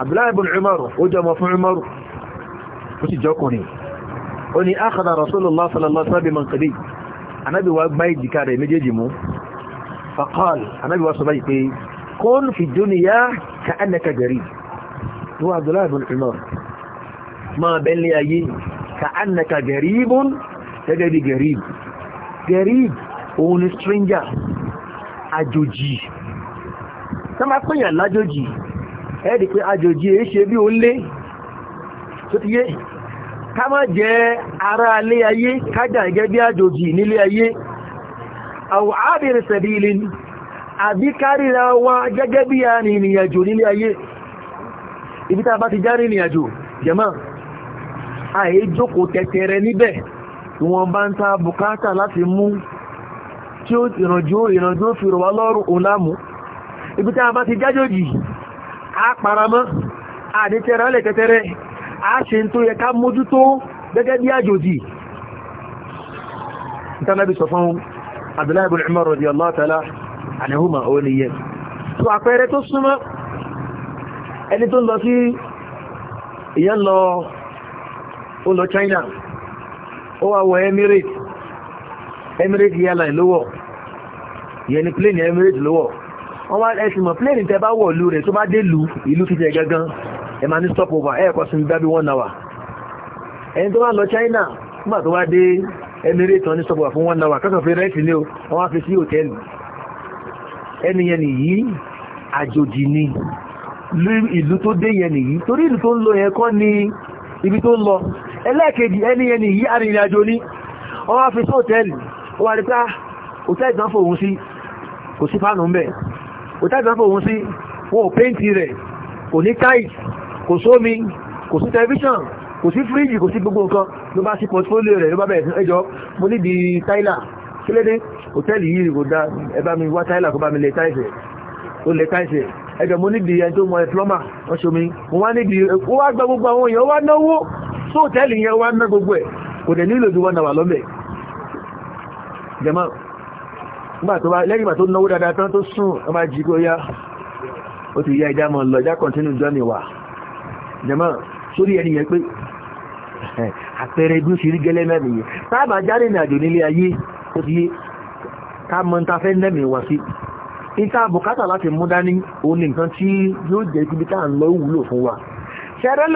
abdullahi ibn umar ó jẹ́ ọmọ fún umar ó sì jọkùnrin ó ní akhadha rasulullah sallallahu alaihi wasallam bi manqadi anabi wa gba ìjìká rẹ̀ méjèèjì mú faqal anabi wa sọ báyìí pé kun fi dunya ka'annaka garib wa abdullahi ibn umar ma bẹ́ẹ̀lẹ̀ ayé ka'annaka garibun gẹ́gẹ́ bí garib garib òun ni stranger àjòjì sọ ma pẹ́yàn ẹ́ẹ̀dì pé àjòjì èé ṣe bí ó lé tó ti ara alé ayé kájà gẹ́ bí àjòjì nílé ayé àwọ̀ ábìrin sẹ̀bí ilé ni àbí wa gẹ́gẹ́ bí a rìnrìnàjò nílé ayé ibi tá bá ti já rìnrìnàjò jẹ́mọ́ àyè jókòó tẹ̀tẹ̀rẹ níbẹ̀ ìwọ̀n bá ń ta bùkátà láti mú tí ó ìrànjú ìrànjú fi ibi bá ti a paramọ́ àdíkẹrẹ ọlẹ̀ kẹtẹrẹ a ṣe tó yẹ ká mójútó gẹ́gẹ́ bí àjòjì ìtànàbí sọ fún Abdullahi ibn Umar radiyallahu ta'ala anihuma ó ní yẹ tó àpẹẹrẹ tó súnmọ́ ẹni tó lọ sí ìyẹn lọ ó wọ́n wá ẹ̀sìn mọ̀ pléèrè tẹ bá wọ̀ ìlú rẹ̀ tó bá dé ìlú ìlú ti tẹ̀ gangan ẹ máa ní stop over ẹ̀ kọ́ sinmi bábí one hour ẹni tó wá lọ China nígbà tó wá dé Emirates wọn ní stop over fún one hour kọ́kàn fi rẹ́ẹ̀tì ní o wọ́n wá fi sí hotel. ẹni yẹn nìyí àjòjì ni ìlú tó dé yẹn nìyí torí ìlú tó ń lọ yẹn kọ́ ni ibi tó ń lọ ẹlẹ́ẹ̀kejì ẹni yẹn nìyí arìnrìnàjò ni wọ́n wá fi sí hòtẹ́ẹ̀lì ó wà ní pé ah, hòtẹ́ẹ̀lì náà fòun sí kò sí fáànù ń bẹ̀ òtàbí wọ́n fòun sí wọn ò péǹtì rẹ̀ kò ní táì kò sómi kò sí tẹlifíṣàn kò sí fíríjì kò sí gbogbo nǹkan ló bá sí portfolio rẹ̀ ló bá bẹ̀rẹ̀ ẹjọ́ mo níbi táìlà kílédé hòtẹ́ẹ̀lì yìí kò dá ẹ bá mi wá táìlà kó bá mi lẹ̀ táìsẹ̀ ó lẹ̀ táìsẹ̀ ẹjọ́ mo níbi ẹni tó mọ ẹ plọ́mà wọ́n ṣomi mo wá níbi ó wá gba gbogbo àwọn èèyàn wá náwó sóòtẹ́ẹ̀lì yẹn wá ná gbogbo ẹ̀ kò dẹ̀ nílò ju wọn náà wà lọ́mẹ̀ jẹ́mọ́ lẹ́yìn tó náwó dáadáa tán tó sùn ọmọ jíkó yá ó ti yá ìjá mọ̀ lọ ìjá continue journey wà jẹmọ́ sórí ẹni yẹn pé àpẹẹrẹ ibi òṣèré gẹ́lẹ́ náà nìyẹn sáàbà jáde ní àjò nílé ayé ó ti yé ká mọ́ ta fẹ́ nẹ́mì wá sí níta bùkátà láti mú dání òun ní nǹkan tí yóò jẹ́ ibi tá à ń lọ wa ṣẹrẹ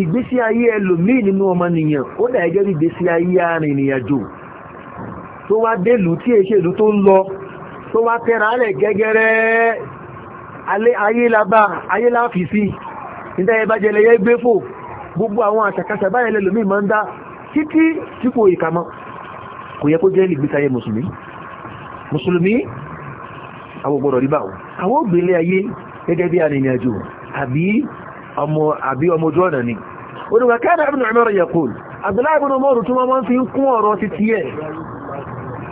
ìgbésí ayé ẹlòmíì nínú ọmọnìyàn ó dà ẹgẹ́ ìgbésí ayé arìnrìn àjò tó wá délùú tí èṣe ìlú tó ń lọ tó wá tẹ́ra alẹ̀ gẹ́gẹ́rẹ́ ayélabá ayéláfìsí níta ẹbá jẹlẹ yẹ gbé fò gbogbo àwọn àṣàkáṣà báyẹ̀ lẹ́lòmí ma ń dá títí tí kò ìkàmọ́ kò yẹ kó jẹ́ ìgbésayé mùsùlùmí mùsùlùmí àwọn gbọ́dọ̀ rí báwọn àwọn ògbélé ọmọ àbí ọmọ ojú ọ̀nà ni oníwàkẹ́ àdàbìnà Umar yaqul Abdullahi ibn Umar tún wọ́n fi ń kún ọ̀rọ̀ títí ẹ̀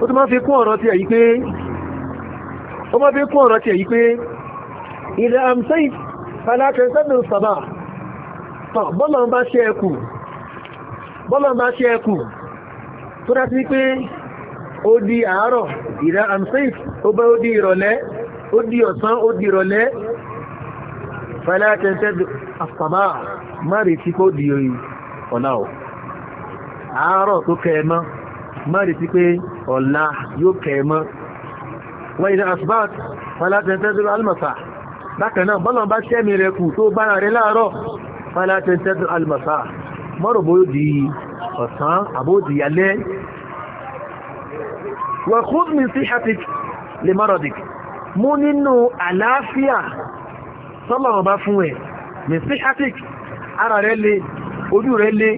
ó tó máa fi kún ọ̀rọ̀ tí èyí pé ó máa fi kún ọ̀rọ̀ tí èyí pé ilẹ̀ amsai falakẹsẹ́dùn sàbà bọ́lọ̀ ń bá ṣe ẹkù bọ́lọ̀ ń bá ṣe ẹkù tó dá sí pé ó di àárọ̀ ìrẹ́ amsai odi bá Odi di ìrọ̀lẹ́ ó di ọ̀sán ó di ìrọ̀lẹ́ falakẹsẹ́dùn sàbà má retí má rí sí pé ọ̀la yóò kẹ̀ mọ́ wọ́n ìdá asbat falatẹ̀ntẹ́dúró almasa bákan náà bọ́lọ̀ bá tẹ́mì rẹ̀ kù tó bára rẹ̀ láàárọ̀ falatẹ̀ntẹ́dúró almasa mọ́rọ̀ bó di ọ̀sán àbódì alẹ́ wọ́n khud min sihatik li maradik mú nínú àlàáfíà sọ́lọ̀rọ̀ bá fún ẹ̀ min sihatik ara rẹ̀ le ojú rẹ̀ le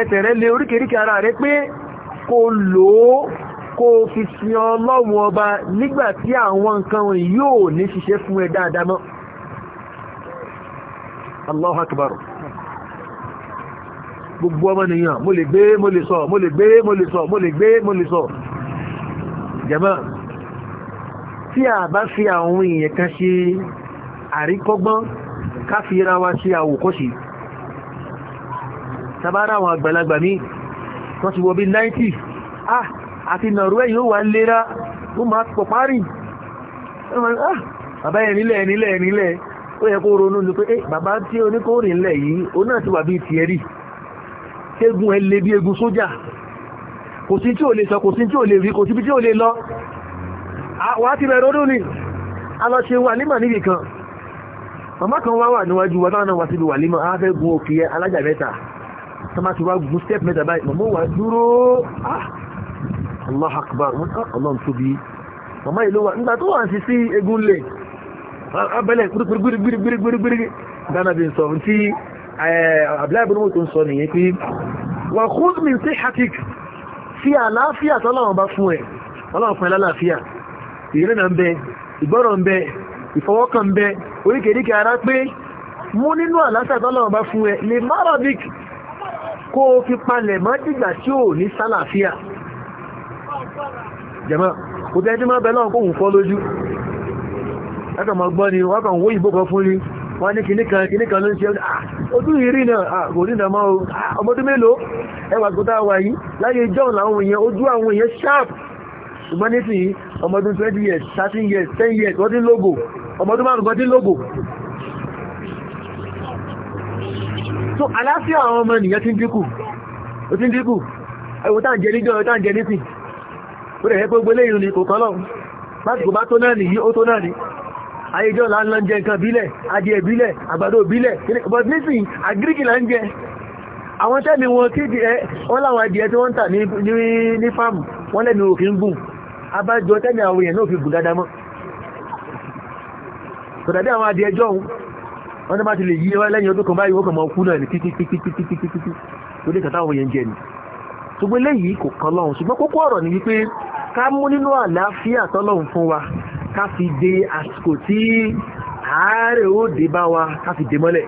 ẹsẹ̀ rẹ̀ le oríkèríkè ara rẹ̀ pé kó lò ó kó fi sin ọlọ́run ọba nígbà tí àwọn nǹkan wọn yóò ní ṣiṣẹ́ fún ẹ dáadáa mọ́ Allahu Akbar gbogbo ọmọ nìyàn mo lè gbé mo lè sọ mo lè gbé mo lè sọ mo lè gbé mo lè sọ jẹ́mọ́ tí a bá fi àwọn èèyàn kan ṣe àríkọ́gbọ́n ká wa ṣe àwòkọ́ṣe tabára àwọn àgbàlagbà míì tó ti wọ bí 90 ah àti Norway yóò wà lera ó máa pọ̀ parí ah, bàbá ẹ̀ nílẹ̀ nílẹ̀ nílẹ̀ ó yẹ kó ronú ní pé eh, bàbá tí oníkóòrè ńlẹ̀ yìí ó náà ti wà bí tiẹ̀ rí egun ẹ lè bí egun sójà kò sí tí sọ kò sí tí ò lè rí kò lọ ah, wà ti bẹ̀rẹ̀ ọdún ni a lọ ṣe wàlímà níbi kan màmá kan wá wà níwájú wa táwọn náà síbi á fẹ́ gun òkè alájà tó máa ti wá gùn step mẹ́ta báyìí màmá wà dúró ah! allah akbar wọn ká ah, ọlọ́run tóbi màmá tó sisi egun lẹ̀ abẹ́lẹ̀ gbírígbírígbírígbírígbírí dáná bí n sọ tí abúláìbónúmọ̀ tó ń sọ nìyẹn pé wà khudh min sihhatik fi àlàáfíà tọ́lọ́run bá fún ẹ̀ ọlọ́run fún ẹ lálàáfíà ìrìnà ń bẹ ìgbọ́rọ̀ ń bẹ ìfọwọ́kàn ń bẹ oríkèríkè ara pé mú nínú àlàáfíà tọ́lọ́run bá fún ẹ lè márọ̀bíkì kó o fi palẹ̀ mọ́ dìgbà tí ò ní sálàfíà jẹ̀mọ́ kò tẹ́ tí máa bẹ̀ lọ́wọ́ kóhùn fọ́ lójú ẹ̀kà máa gbọ́ ni wọ́n kàn wó ìbò kan fún ni wọ́n ní kìníkan kìníkan ló ń ṣe ah, ojú ìrí náà ah, kò ní ìdàmọ́ ah, ọmọdún mélòó ẹwà kò táwà yìí láyé john láwọn èèyàn ojú àwọn èèyàn sharp ṣùgbọ́n ní sìn ọmọdún 20 years 13 years 10 years wọ́n dín lógo ọmọdún márùn-ún dín lógo so àlàáfíà àwọn ọmọ ènìyàn ti ń dínkù ó ti ń dínkù ẹwọ tá ń jẹ níjọ tá ń jẹ nítì ó rẹ̀ ẹgbẹ́ gbélé ìrìn kò kọ́lọ̀ lásìkò bá tó náà nìyí ó tó náà ní ayéjọ́ ń jẹ nǹkan bílẹ̀ adìẹ bílẹ̀ àgbàdo bílẹ̀ but nísìn agiriki là ń jẹ àwọn tẹ́mi wọn kéde ẹ wọ́n láwọn adìẹ tí wọ́n ń tà ní fáàmù wọ́n lẹ́nu òkè ń gùn abájọ tẹ́mi náà fi gùn dáadáa wọ́n tó bá ti lè yí lẹ́yìn ọdún kan báyìí wọ́n kàn náà ní títítítítítítítí ni ṣùgbọ́n léyìí kò kan lọ́hùn ṣùgbọ́n kókó ọ̀rọ̀ ni wípé ká mú nínú àlàáfíà tọ́lọ́hùn fún wa ká fi dé àsìkò tí àárẹ̀ ó dé bá wa ká fi dé mọ́lẹ̀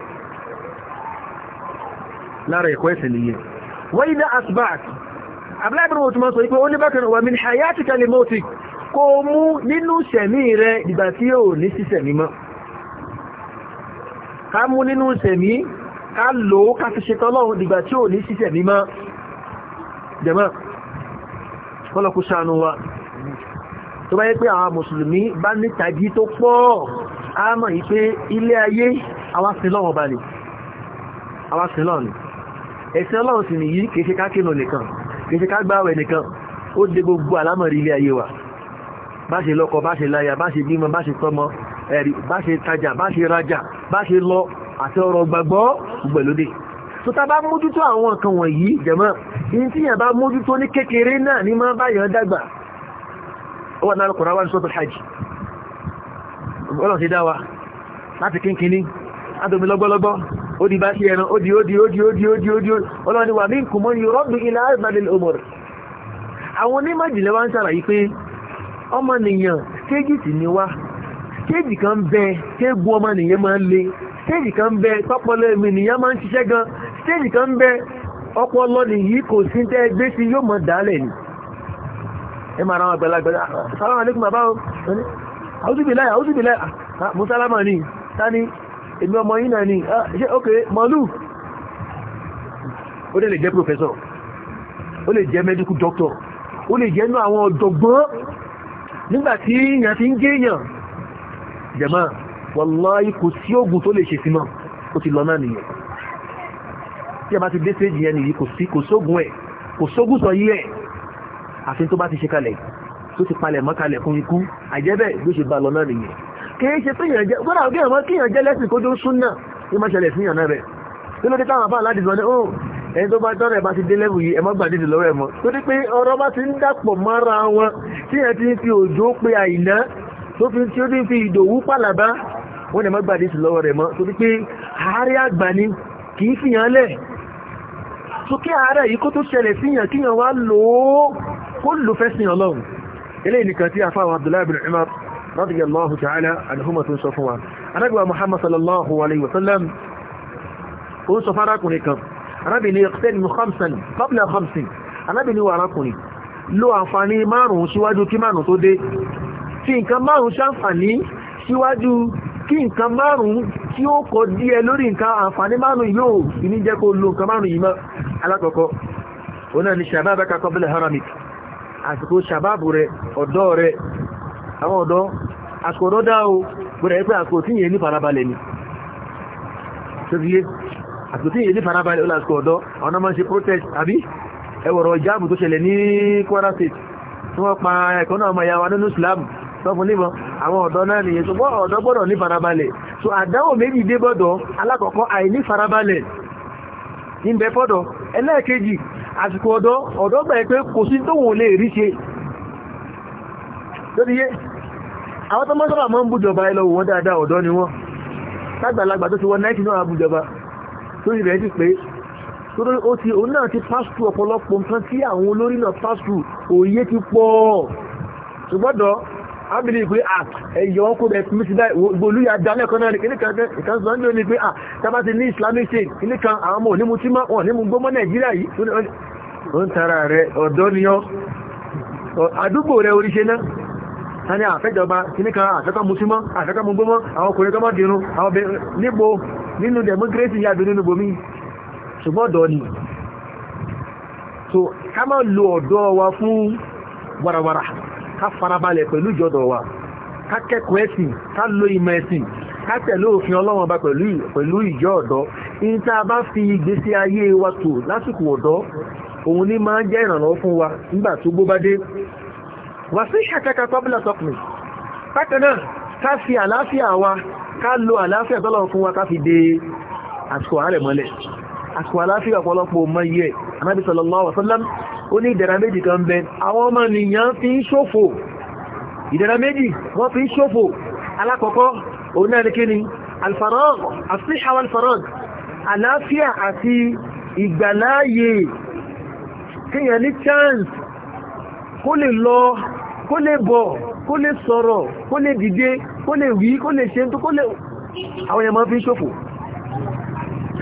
lára ẹ̀kọ́ ẹ̀sìn nìyẹn wọ́n yí ní asbat abúláìbìrì wọn tún máa sọ wípé ó ní bákan wà mí ní hayatika lè mọ́ọ̀tì ká mú nínú ìsẹ̀mí ká lò ó ká fi ṣe tọ́lọ́run dìgbà tí ò ní sísẹ̀mí mọ́ jẹ́mọ́ kọ́lọ̀kú sànú wa tó bá yẹ pé àwọn mùsùlùmí bá ní tàbí tó pọ̀ á mọ̀ yí pé ilé ayé àwa sìn Ọlọ́run bá ní àwa ṣe ká bá ṣe lọ́kọ bá ṣe bímọ bá ṣe tọ́mọ ẹ̀rí bá ṣe tajà bá ṣe rajà bá ṣe lọ àti ọ̀rọ̀ gbàgbọ́ gbẹ̀lódé tó tá bá mójútó àwọn nǹkan wọ̀nyí jẹ̀mọ́ in tí yàn bá mójútó ní kékeré náà ní máa báyàn dàgbà ó wà náà kùnrin wájú sọ́tọ̀ hajj ọlọ́run ti dá wa láti kínkínní látòmí lọ́gbọ́lọ́gbọ́ ó di bá sí ẹran ó di ó ni wà ní kùmọ́ ni wá kéèjì kan bẹ kéègùn ọmọ nìyẹn máa ń le stéèjì kan bẹ tọpọlọ èmi nìyẹn máa ń ṣiṣẹ́ gan stéèjì kan bẹ ọpọlọ nìyí kò sí tẹ́ ẹgbẹ́ sí yóò mọ̀ dálẹ̀ ni ẹ máa ra wọn gbẹlagbẹla ah, sálámà ní kùmà báwo àwùjúbìláì àwùjúbìláì mùsálámà ni tani èmi ọmọ yìí náà ni ah, ṣe ok mọ̀lú ó lè jẹ́ professor ó lè jẹ́ medical doctor ó lè jẹ́ nú àwọn ọ̀jọ̀gbọ́n nígbàtí èèyàn ti ń gé èèyàn jẹ̀mọ́ wàláyé kò sí ogun tó lè ṣe sí náà ó ti lọ náà nìyẹn tí a bá ti dé séjì yẹn nìyí kò sí kò sógun ẹ̀ kò sógun sọ yí ẹ̀ àfi tó bá ti ṣe kalẹ̀ tó ti palẹ̀ mọ́ kalẹ̀ fún ikú àjẹ́bẹ̀ ló ṣe bá lọ náà nìyẹn kìí ṣe fíyàn jẹ́ gbọ́dọ̀ ọ̀gẹ́ àwọn kíyàn jẹ́ lẹ́sìn kójú súnà ní máa ṣẹlẹ̀ fíyàn náà rẹ̀ tí ló dé tó fi tí ó dín fi ìdòwú pàlàbá wọ́n lè mọ́ gbàdé sí lọ́wọ́ rẹ̀ mọ́ tó fi pé ààrẹ àgbà ni kì í fìyàn lẹ̀ tó kí ààrẹ yìí kó tó ṣẹlẹ̀ síyàn kíyàn wá lòó kó lò fẹ́ sí ọlọ́run ilé nìkan tí afáwọn Abdullahi bin Umar radiyallahu ta'ala anhuma tó sọ fún wa anábìwa Muhammad sallallahu alaihi wasallam fi nǹkan márùn-ún ṣàǹfààní síwájú kí nǹkan márùn-ún tí ó kọ díẹ̀ lórí nǹkan àǹfààní márùn-ún yóò fi ní jẹ́ kó lo nǹkan márùn-ún yìí mọ́ alákọ̀ọ́kọ́ òun náà ni ṣàbábà kakọ́ bílẹ̀ haramik àsìkò ṣàbábù rẹ̀ ọ̀dọ́ rẹ̀ àwọn ọ̀dọ́ àsìkò ọ̀dọ́ dá ni ṣébíyé àsìkò tí yẹn ní farabalẹ̀ ó lásìkò ọ̀dọ́ protest àbí ẹwọ̀rọ̀ ìjáàbù tó ṣẹlẹ̀ ní Kwara State tí wọ́n pa ẹ̀kọ́ náà ọmọ ìyá wa nínú Islam sọ́fún nímọ̀ àwọn ọ̀dọ́ náà nìyẹn tó gbọ́ ọ̀dọ́ gbọ́dọ̀ ní farabalẹ̀ so àdáwò méjì dé bọ́dọ̀ alákọ̀ọ́kọ́ àìní farabalẹ̀ ní bẹ fọ́dọ̀ ẹlẹ́ẹ̀kejì àsìkò ọ̀dọ́ ọ̀dọ́ gbà pé kò sí tó wò lè rí ṣe lóríyé àwọn tó mọ́sọ́bà mọ́ ń bújọba ẹlọ wọn dáadáa ọ̀dọ́ ni wọ́n tágbàlagbà tó ti wọ 19 náà bújọba tó rí rẹ̀ sí pé ó ti òun náà ti pass through ọ̀pọ̀lọpọ̀ nǹkan tí àwọn olórí náà pass through òye ti pọ̀ ṣùgbọ́dọ̀ ábìlì pé à ẹ̀yọ̀ wọn kó bẹ̀ fún mísìdá ìgbòlúyà dálẹ́kọ́ náà ní kíníkan ìkan sọ ń lò ní pé à tábà ti ní islamic state kíníkan àwọn ọmọ onímú tí wọ́n ní mú gbọ́mọ́ nàìjíríà yìí ó ń tara rẹ̀ ọ̀dọ́ ni ọ́ àdúgbò rẹ̀ oríṣẹ́ náà tani àfẹ́jọba kíníkan àfẹ́kọ́ mú símọ́ àfẹ́kọ́ mú gbọ́mọ́ àwọn ọkùnrin kọ́mọ́ dìrún àwọn obìnrin níbo nínú democracy yàgbé nínú bomi ṣùgbọ́n ọ̀dọ́ ni so ká má lo ọ̀dọ́ wa fún warawara ká farabalẹ̀ pẹ̀lú ìjọdọ̀ wa ká kẹ́kọ̀ọ́ ẹ̀sìn ká lo ìmọ̀ ẹ̀sìn ká tẹ̀lé òfin ọlọ́run ọba pẹ̀lú ìjọ ọ̀dọ́ in tá a bá fi ìgbésí ayé wa tò lásìkò ọ̀dọ́ òun ní máa ń jẹ́ ìrànlọ́wọ́ fún wa nígbà tó gbó bá dé wà sí ṣàkẹ́kẹ́ pọ́bílà tọkùnrin bákan náà ká fi àlàáfíà wa ká lo àlàáfíà tọ́lọ̀ fún wa ká fi de àsìkò àárẹ̀ mọ́lẹ̀ àsìkò aláfíà ọ̀pọ̀lọpọ̀ mọ iye anábì sallallahu alaihi wasallam ó ní ìdẹ̀ra méjì kan bẹ àwọn ọmọ nìyàn fi ń ṣòfò ìdẹ̀ra méjì wọ́n fi ń ṣòfò alákọ̀ọ́kọ́ òun náà ní kí ni alfarag as-sihha wal-farag aláfíà àti ìgbàláyè kíyàn ní chance kó lè lọ kó lè bọ̀ kó lè sọ̀rọ̀ kó lè dìde kó lè wí kó lè ṣe tó kó lè àwọn èèyàn fi ń ṣòfò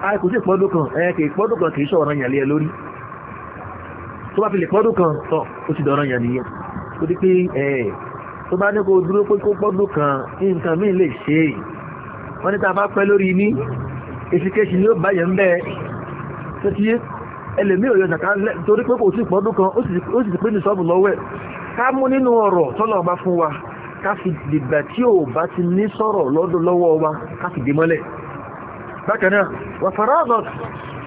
kò sí ìpọ́dún kan ẹ̀ kì pọ́dún kan kì í ṣọ̀rọ̀ yàn lórí tó bá fi lè pọ́dún kan tọ ó ti dọ̀rọ̀ yàn nìyẹn tó di ẹ̀ tó bá kan nǹkan lè ṣe wọ́n ní tá pẹ́ lórí ní èsìkéṣì ni ó kan ó sì ti ká wa ká fi dìgbà tí ò bá wa ká fi bákanáà wà faragot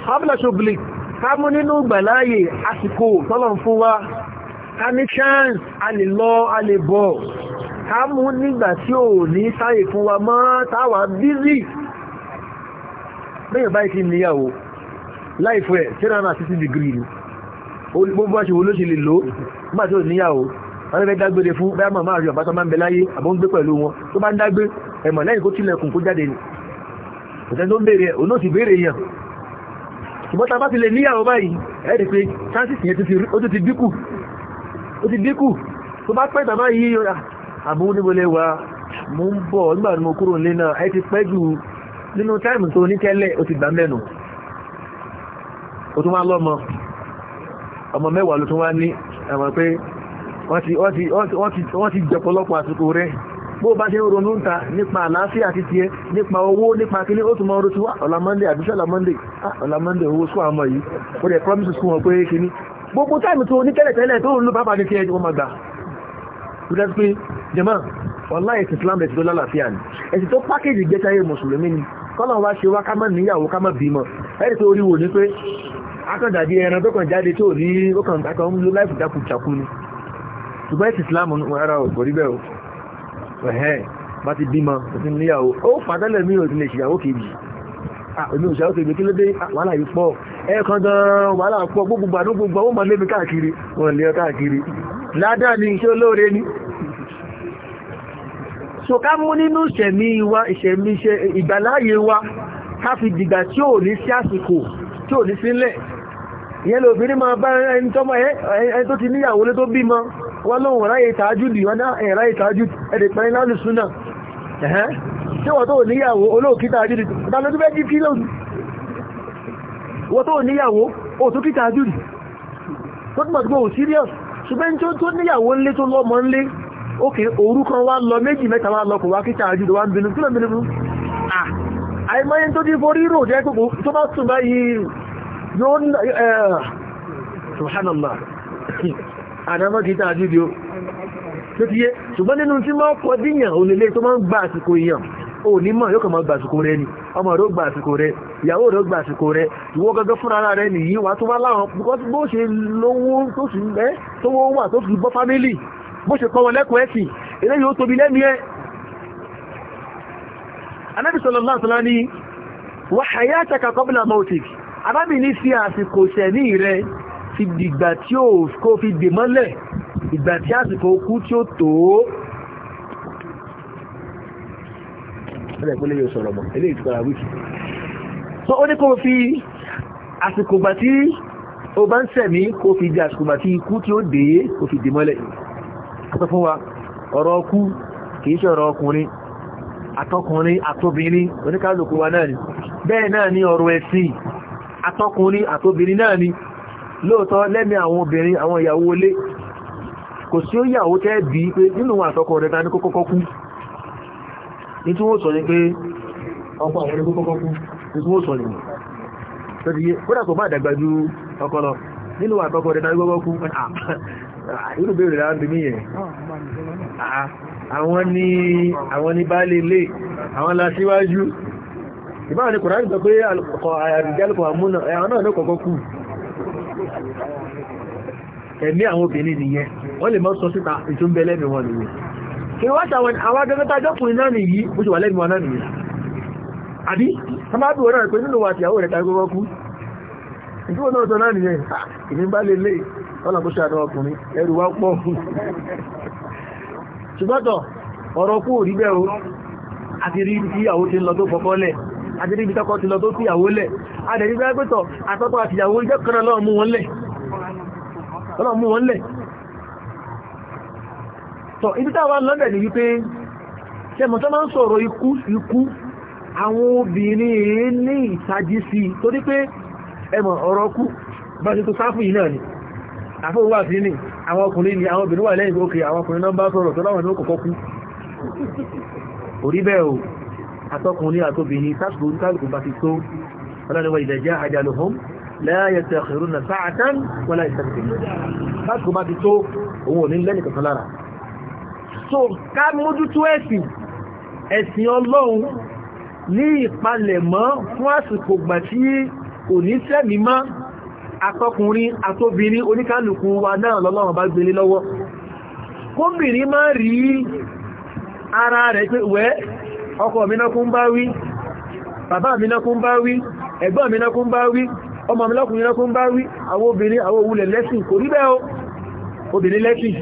pabla shobli ká mú nínú gbàláyè àsìkò tọ́lọ̀ fún wa ká ní chance a lè lọ a lè bọ̀ ká mú nígbà tí ò ní sáyè fún wa mọ́ táwà bízì bẹ́yẹ̀ báyìí ti níyàwó láìfọ́ ẹ̀ tí rán àti dìgírì ni gbogbo àṣẹ wo ló ṣe lè lò nígbà tí ò níyàwó wọ́n fẹ́ dágbére fún bẹ́ẹ̀ màmá àrí bá ń dágbé ẹ̀mọ̀ lẹ́yìn kó tilẹ̀kùn kó jáde ni ìtẹ́ tó ń bèèrè ẹ̀ òun náà sì bèèrè yàn ṣùgbọ́n ta bá ti lè níyàwó báyìí ẹ̀rì pé chances yẹn ó ti dínkù ó ti dínkù tó bá pẹ́ tàbá yí yọ́ra ah, àmú níbo lè wà mú ń bọ̀ nígbà tí mo kúrò nílé náà ẹ ti pẹ́ jù nínú táìmù tó ní tẹ́lẹ̀ ó ti gbà mẹ́nu ó tún wá lọ́mọ ọmọ mẹ́wàá ló tún wá ní ẹ̀mọ̀ pé wọ́n ti jọpọlọpọ̀ bó bá ṣe ń ronú ń ta nípa àlàáfíà títí ẹ nípa owó nípa kíní ó tún mọ́ oró tí wá ọ̀la monday àbíṣẹ́ ọ̀la monday ah, ọ̀la monday owó sún àmọ́ yìí ó dẹ̀ promise fún wọn pé kíní gbogbo táìmù tó ní tẹ́lẹ̀tẹ́lẹ̀ tó ń lò bàbá ní kí ẹjọ́ máa gbà rúdẹ́sí pé jẹ́mọ́ ọ̀la ẹ̀sìn islam ẹ̀sìn tó lálàáfíà ni ẹ̀sìn tó pákéjì gbẹ́ta ayé mùsùlùmí ni kọ́lọ̀ wá ṣe wá ká má níyàwó ká má bímọ ẹ̀rì tó rí wò ní pé akọ̀dàdì ẹran tó kàn jáde tó ní ó kàn ń lo láìpù jákujàku ni ṣùgbọ́n ẹ̀sìn islam ara ò kò rí bẹ́ẹ̀ o ẹ̀hẹ́ bá ti bímọ òfin níyàwó ó fàdálẹ̀ mi ò ti lè ṣìyàwó kejì èmi ò ṣàwọ́ kejì kí ló dé wàhálà yìí pọ̀ ẹ̀ẹ̀kan gan-an wàhálà pọ̀ gbogbo àdó gbogbo àwọn ọmọdé mi káàkiri wọn lè káàkiri ládàá ni iṣẹ́ olóore ni so ká mú nínú ìṣẹ̀mí wa ìṣẹ̀mí ìgbàláyé wa ká fi dìgbà tí ò ní sí àsìkò tí ò ní sílẹ̀ ìyẹn lóbìnrin máa bá ẹni tó ti níyàwó lé tó bímọ wọ́n lóhun ráyè tàájúdì wọ́n náà ráyè tàájúdì ẹ̀dẹ̀ pẹ̀lú náà lùsùn náà ẹ̀hẹ́ tí wọ́n tó níyàwó olóòkí tàájúdì tàbí bẹ́ẹ̀ jí kílò wọ́n tó níyàwó òtún kí tàájúdì tó túnmọ̀ tó gbóhùn serious ṣùgbọ́n tí ó tó níyàwó ńlé tó lọ́mọ ńlé ókè òru kan wá lọ méjì mẹ́ta wá lọ kò wá kí tàájúdì wá ń bínú kí ló ń bínú fún ah, àìmọye tó ti forí rò jẹ́ gbogbo tó bá sùn báyìí yóò eh, subhanallah àdámọ́ kìí tàà dídí o tó ti yé ṣùgbọ́n nínú tí máa kọ díyàn onílé tó máa ń gba àsìkò èèyàn ò ní mọ̀ yóò kàn máa gba àsìkò rẹ ni ọmọ rẹ ó gba àsìkò rẹ ìyàwó rẹ ó gba àsìkò rẹ ìwọ gẹ́gẹ́ fúnra ara rẹ nìyí wà tó wá láwọn bó ṣe lówó tó sì ń bẹ́ tó wọ́n wà tó fi bọ́ fámílì bó ṣe kọ́ wọn lẹ́kọ̀ọ́ ẹ̀sìn eléyìí ó tóbi lẹ́mìí ẹ̀ anábì sọ̀rọ̀ náà sọ̀rọ̀ ní wàhálà àtàkà kọ́bìnà mọ́tìk arábìnrin fi àsìkò ṣẹ̀ ní ìrẹ́ fi dìgbà tí ó kó fi dè mọ́lẹ̀ ìgbà tí àsìkò kú tí ó tó ẹ̀lẹ́pẹ́lẹ́ yóò sọ̀rọ̀ mọ̀ ilé ìtùkọ̀rà wíkì so ó ní kó fi àsìkò gbà tí ó bá ń sẹ̀mí kó fi dé àsìkò gbà tí ikú tí ó dé kó fi dè mọ́lẹ̀ àtọ́ fún ni bẹ́ẹ̀ náà ni ọ̀rọ̀ ẹ̀sìn àtọkùnrin àtobìnrin náà ni lóòótọ́ lẹ́mí àwọn obìnrin àwọn ìyàwó olé kò sí ó yàwó tẹ́ bí pé nínú àtọkọ rẹ̀ ta ní kókọ́kọ́ kú ní tí wọ́n sọ ní pé ọkọ àwọn ní kókọ́kọ́ kú ní tí wọ́n sọ nìyàn tó ti yé kódà kò má dàgbà ju ọkọ lọ nínú àtọkọ rẹ̀ ta ní kókọ́kọ́ ah, ah, ni àwọn ni baálé ilé àwọn la síwájú ìbáwọn ni kòrán sọ pé àrùjálùkọ̀ àmúnà ẹ̀hàn náà ní kọ̀kọ́ kú ẹ̀mí àwọn obìnrin nìyẹn wọ́n lè mọ́ sọ síta ìtúnbẹ lẹ́nu wọn nìyẹn kí wọ́n tàwọn àwọn agẹ́gẹ́ta jọ́kùnrin náà nìyí bó ṣe wà lẹ́nu wọn náà nìyẹn àbí samábì wọ́n rẹ̀ wa tìyàwó rẹ̀ tàbí kú náà sọ náà nìyẹn ah, àti níbi tọ́kọ ti lọ tó fìyàwó lẹ̀ adẹ̀rí bá pẹ́tọ̀ àtọ́kọ àti ìyàwó jẹ́ kanáà lọ́ọ̀ mú wọn lẹ̀ tọ̀ ibi táwa lọ́dẹ̀ ni wípé ṣẹmọ̀ tó máa ń sọ̀rọ̀ ikú ikú àwọn obìnrin ní ìtají sí torí pé ẹmọ̀ ọ̀rọ̀ kú bá ṣe tó sáfù yìí náà ni àfóòwò àti ní àwọn ọkùnrin ni àwọn obìnrin wà lẹ́yìn òkè àwọn ọkùnrin náà bá sọ̀rọ̀ tó láwọn ní kọ̀kọ́ kú orí bẹ́ẹ̀ o àtọkùnrin àtobìnrin tásìkò oníkálùkù bá ti tó ọlọ́dẹ̀wọ̀ ìdẹ̀já àjálùhún láyẹ̀ tẹ̀kìrù na sáàtán wọ́lá ìsẹ̀kìrì tásìkò bá ti tó òun ò ní lẹ́nì kankan lára so ká mójútó ẹ̀sìn ẹ̀sìn ọlọ́run ní ìpalẹ̀mọ́ fún àsìkò gbà tí kò ní sẹ́mi mọ́ àtọkùnrin àtobìnrin oníkálùkù wa náà lọ́lọ́run bá gbélé lọ́wọ́ kóbìnrin má rí ara rẹ̀ pé wẹ́ ọkọ mínakún bá wí bàbá mínakún bá wí ẹ̀gbọ́n mínakún bá wí ọmọ mínakún mínakún bá wí àwọn obìnrin àwọn òwúlẹ̀ lẹ́sìn kò rí bẹ́ẹ̀ o obìnrin lẹ́sìn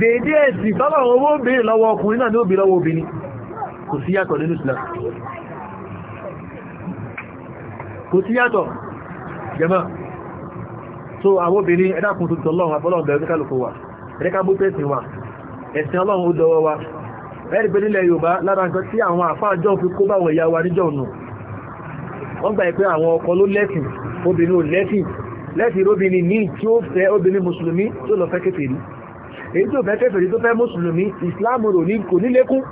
dèédé ẹ̀sì bábà àwọn owó obìnrin lọ́wọ́ ọkùnrin náà ní obìnrin lọ́wọ́ obìnrin kò sí yàtọ̀ nínú Islam kò sí yàtọ̀ ẹ̀sìn ọlọ́run ó dọwọ́ wa ẹ̀rì pé nílẹ̀ Yorùbá lára nǹkan tí àwọn àfáàjọ́ fi kó báwọn ìyá wa níjọ́ nù wọ́n gbà pé àwọn ọkọ ló lẹ́sìn obìnrin ò lẹ́sìn lẹ́sìn obìnrin ní tí ó fẹ́ obìnrin mùsùlùmí tó lọ fẹ́ kéferì èyí tó fẹ́ kéferì tó fẹ́ mùsùlùmí ìsìláàmù rò ní kò nílékún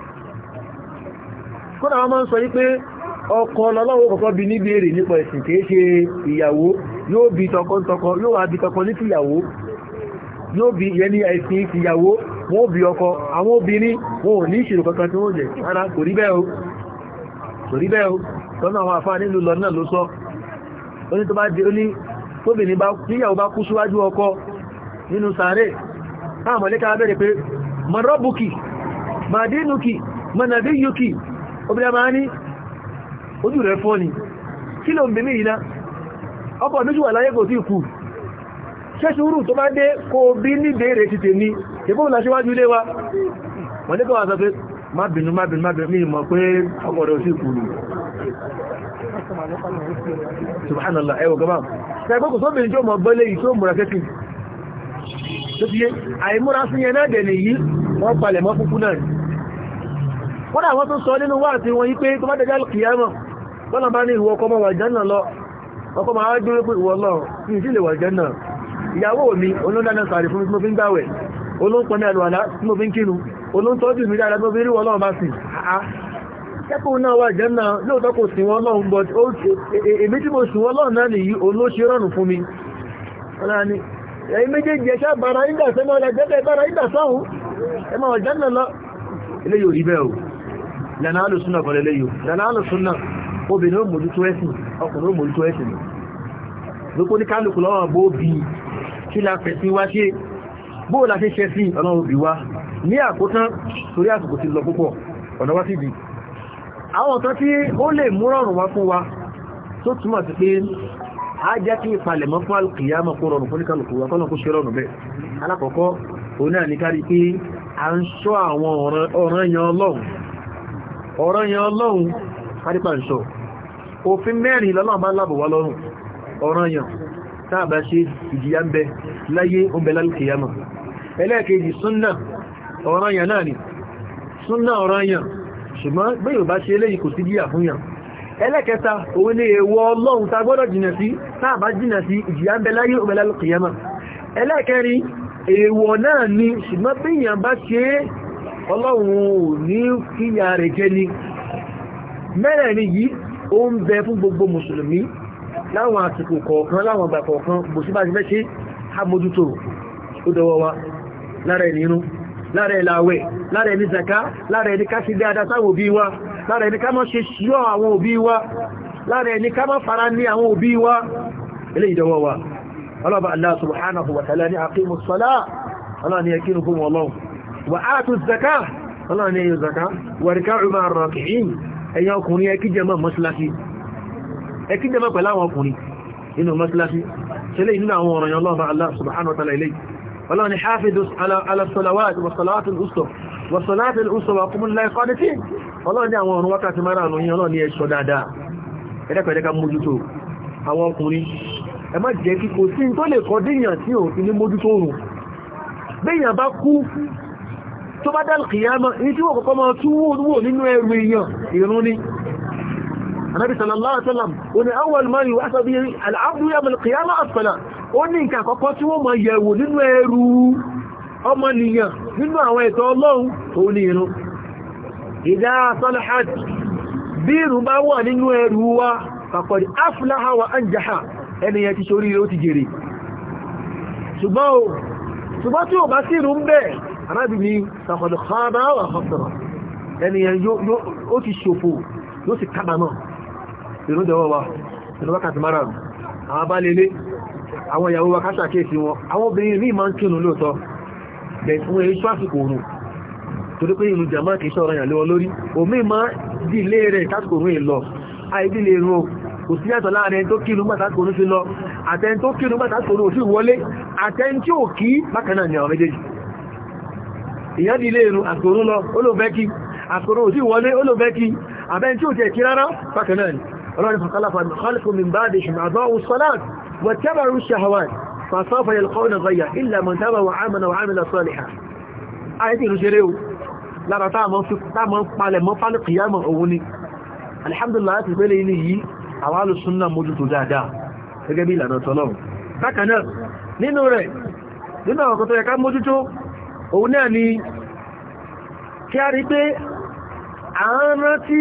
kódà wọ́n máa ń sọ wípé ọkọ lọ́lọ́wọ́ kọ̀kọ́ bí ní béèrè nípa ẹ̀sìn kìí ṣe ìyàwó yóò bí tọkọtọkọ yóò wá bí tọkọ ní tìyàwó yóò bí yẹni ẹ̀sìn tìyàwó wọ́n bí ọkọ àwọn obìnrin wọn ò ní ìṣirò kankan tí wọ́n jẹ ara kò rí bẹ́ẹ̀ o o tọ́nà àwọn àfáà nílùú lọ náà ló sọ ó tó bá di ó tóbìnrin bá tíyàwó bá kú síwájú ọkọ nínú sàárè táwọn mọ̀lẹ́ka bẹ̀rẹ̀ pé ni ṣe ṣúrù tó bá dé kò bí ní bèèrè ti tèmi ìbò ìlà síwájú ilé wa wọ́n ní kọ́ wà sọ pé má bínú má bínú má bínú mi pé ọkọ̀rọ̀ sí subhanallah ẹwọ gaba ṣẹgbẹ́ kò sóbìnrin tí ó mọ̀ gbọ́lé yìí tí ó múra sí yẹn náà ọkọ̀ mọ̀ wà jẹ́ náà lọ ọkọ̀ wà jẹ́ náà ìyàwó mi olóńdáná sàárì fún mi tí mo fi ń gbàwẹ̀ olóńpọ̀ ní àlùwàlá tí olóńtọ́jú mi dáadáa tí mo fi bá sìn àá kẹ́kọ̀ọ́ náà wà jẹ́ náà kò wọ́n but èmi tí mo sìn wọ́n náà nìyí olóṣe rọrùn fún mi o lẹ́nà alùsúnà kọ̀lẹ̀ lẹ́yìn obìnrin ó mójútó ẹ̀sìn ọkùnrin ó mójútó ẹ̀sìn ní kálùkù lọ́wọ́ bó bí kí la fẹ̀sí wá ṣe bóò la ṣe ṣẹ́ sí ọlọ́run òbí wá ní àkótán torí àsìkò ti lọ púpọ̀ ọ̀nà wá sí ibi àwọn ọ̀tán tí ó lè mú rọrùn wá fún wa tó túmọ̀ sí pé a jẹ́ kí ìpalẹ̀mọ́ fún alùkìyàmọ̀ kó rọrùn fóníkàlùkù wa kọ́nà kó ṣe rọrùn bẹ́ẹ̀ alákọ̀ọ́kọ́ òun náà ní kárí pé a ń ṣọ́ àwọn ọ̀ràn yan ọlọ́run ọ̀ràn yan ọlọ́run kárípà ń ṣọ́ òfin mẹ́rin lọ́lọ́run bá lábò wá lọ́rùn ọ̀ràn yan táà bá ṣe ìjìyà ń bẹ láyé oúnbẹ lálùkìyàmà ẹlẹ́ẹ̀kejì súnnà ọ̀ranyàn náà ni súnnà ọ̀ranyàn ṣùgbọ́n bẹ́yìn bá ṣe eléyìí kò sí díyà fún yàn ẹlẹ́kẹta òun ni èèwọ̀ ọlọ́run ta gbọ́dọ̀ jìnà sí táà bá jìnà sí ìjìyà ń bẹ láyé oúnbẹ lálùkìyàmà ẹlẹ́kẹrin èèwọ̀ náà ni ṣùgbọ́n bẹ́yìn bá ṣe ọlọ́run láwọn àtìkò kọ̀ọ̀kan láwọn àgbà kọ̀ọ̀kan bò sí bá ti fẹ́ ṣe àmójútó ó dọwọ́ wa lára ẹ̀ nínú lára ẹ̀ láwẹ̀ lára ẹ̀ ní zaka lára ẹ̀ ní ká sí dáadáa sáwọn òbí wa lára ẹ̀ ní ká má ṣe ṣíọ́ àwọn òbí wa lára ẹ̀ ní ká má fara ní àwọn òbí wa ilé ìdọwọ́ wa ọlọ́ba Allah subhanahu wa ta'ala ní aqimu ẹkí jẹ́ mẹ́pẹ̀lá àwọn ọkùnrin inú mọ́síláṣí ṣẹlẹ̀ inú àwọn ọ̀rọ̀ yọlọ́ọ̀bá Allah subhanahu wa ta'ala ilé ọlọ́run ni hafidus ala salawat wa salatul usuf wa salatul usuf wa qumul lahi qanitin ọlọ́run ni àwọn ọ̀run wákàtí mara àrùn yìí ọlọ́run ni ẹ̀ṣọ́ dáadáa ẹ̀dẹ́kọ̀ẹ́dẹ́ka mójútó àwọn ọkùnrin ẹ má jẹ́ kí kò sí tó lè kọ́ déyàn tí ò fi ní tí wọ́n kọ́kọ́ mọ́ tún wò nínú ẹrù èèyàn ìrún ni anábì sallallahu alaihi wasallam ó ní awwal ma yuhsabu bihi al-'abdu yawm al-qiyamah as-salah ó ní nǹkan àkọ́kọ́ tí wọ́n máa yẹ̀wò nínú ẹrù ọmọnìyàn nínú àwọn ẹ̀tọ́ ọlọ́run tó ní irun idha salahat bí irun bá wà nínú ẹrù wa faqad aflaha wa anjaha ẹniyàn ti ṣorí ó ti jèrè ṣùgbọ́n tí ó bá sí irun bẹ́ẹ̀ arábìnrin faqad khaba wa khasara ẹniyàn ó ti ṣòfò ló sì kábàmọ́ ìrún jọwọ́ wa ìrú wákàtí márùn-ún àwọn bá lélé àwọn ìyàwó wa káṣàkéèsì wọn àwọn obìnrin ní ìmá ń kírun lóòtọ́ bẹ̀sùn èyí ṣásìkò òrùn torí pé ìrún jàmá kìí ṣọ́ra yàn lórí omi ma dì ilé rẹ̀ ṣásìkò òrùn ìlọ àìdí lè rún kò sí yàtọ̀ láàrin tó kírun gbà ṣásìkò òrùn sí lọ àtẹn tó kírun gbà ṣásìkò òrùn sí wọlé àtẹn tí ò kí bákan náà ni àwọn méjèèjì ìyá dì kí rárá bákan náà ọlọ́run fàkálàfà mọ̀kálùkùn min bá dé ṣùgbọ́n salat wà tẹ́bàrú shahawat fàfáfà yalqawna ghayya illa man taba wa amana wa amila salihan ayẹ́tì ìlú ṣeré o lára táàmọ́ palẹ̀ mọ́ fálù kìyàmọ̀ òun ni alhamdulillah láti pẹ́lẹ̀ ilé yìí àwọn alùsúnnà mójútó dáadáa gẹ́gẹ́ bí ìlànà tọ́lọ́run bákanáà nínú rẹ̀ nínú àwọn kọtọ́ ẹ̀ká mójútó òun náà ni kí a rí pé à ń rántí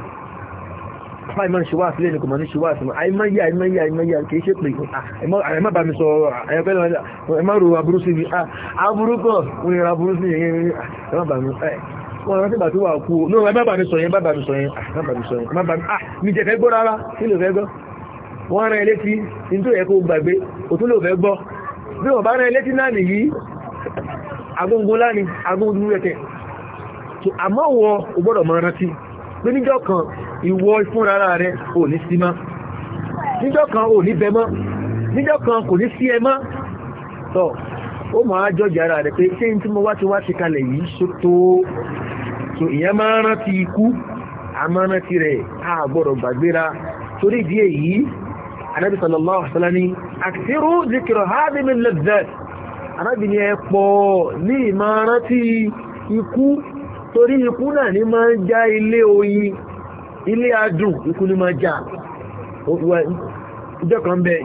àfá ìmọ̀ ṣe wá sílẹ̀ ní kò mọ̀ ní ṣe wá sílẹ̀ àìmọ́yà àìmọ́yà àìmọ́yà kìí ṣe pé àìmọ́ ah. ah, bá mi sọ ẹ̀mọ́rò aburú sí mi ah, aburú kọ̀ wọ́n yẹra aburú sí yẹn ẹ̀mọ́ bá mi wọ́n rántí bá tó wà kú ní ọ̀rọ̀ bá mi sọ yẹn bá mi sọ yẹn bá mi sọ yẹn bá mi mi jẹ́ fẹ́ gbọ́ rárá kí ló fẹ́ gbọ́ wọ́n rán ẹlẹ́tí nítorí ẹ̀kọ́ gbàgbé òtún ló fẹ́ gbọ́ bí wọ́n bá rán ẹlẹ́tí náà nìyí agóngó láni agóngó ẹ̀kẹ́ àmọ́ wọ́n ò mọ́ rántí pé níjọ́ kan ìwọ ìfúnra rẹ̀ ò ní sí mọ́ níjọ́ kan ò ní bẹ mọ́ níjọ́ kan kò ní sí ẹ mọ́ tọ́ ó máa jọjà ara rẹ̀ pé ṣé n tí mo wá ti wá ti kalẹ̀ yìí sótó so ìyẹn máa rántí ikú àmọ́ rántí rẹ̀ a gbàgbéra torí ìdí èyí anábì sallallahu alaihi wasallam ni akthiru zikra hadhihi min ladhat torí ikú náà ní máa ń já ilé oyin ilé adùn ikú ní máa já ìjọ kan bẹ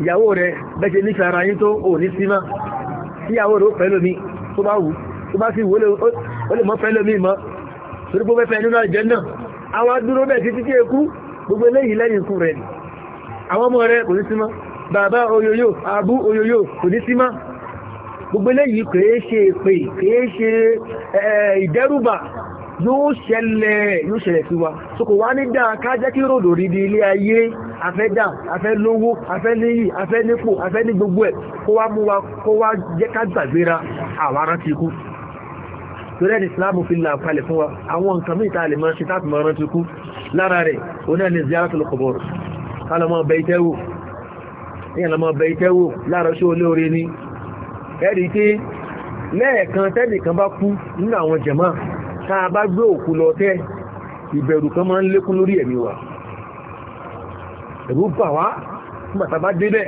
ìyàwó rẹ̀ bẹ́ṣe nífẹ̀ẹ́ ara yín tó ò ní símá ìyàwó rẹ̀ ó fẹ́ lómi tó bá wù tó bá sì wù ó lè mọ́ fẹ́ lómi mọ́ torí gbogbo fẹ́ nínú àjẹ́ náà àwọn dúró bẹ̀ títí tí ekú gbogbo eléyìí lẹ́yìn ikú rẹ̀ àwọn ọmọ rẹ̀ kò ní símá bàbá oyoyo àbú oyoyo kò ní símá gbogbo eléyìí kìí ṣe èpè kìí ṣe ìdẹ́rùbà yóò ṣẹlẹ̀ yóò ṣẹlẹ̀ sí wa so kò wá ní dáa ká jẹ́ kí ròdò rí di ilé ayé afẹ́ dà afẹ́ lówó afẹ́ níyì afẹ́ nípò afẹ́ ní gbogbo ẹ̀ kó wá mú wa kó wá jẹ́ ká gbàgbéra àwọn ará ti kú torí ẹni islam fi là kalẹ̀ fún wa àwọn nǹkan mìta lè máa ṣe táàtì máa rántí kú lára rẹ̀ oní ẹni ziyaratul qubur kálọmọ bẹ ìtẹ́wò ni ẹ̀rí pé lẹ́ẹ̀kan kan bá kú nínú àwọn jẹ̀mọ́ ta a bá gbé òkú lọ tẹ́ ìbẹ̀rù kan máa ń lékún lórí ẹ̀mí wa ẹ̀rù bà wá nígbàtà bá débẹ̀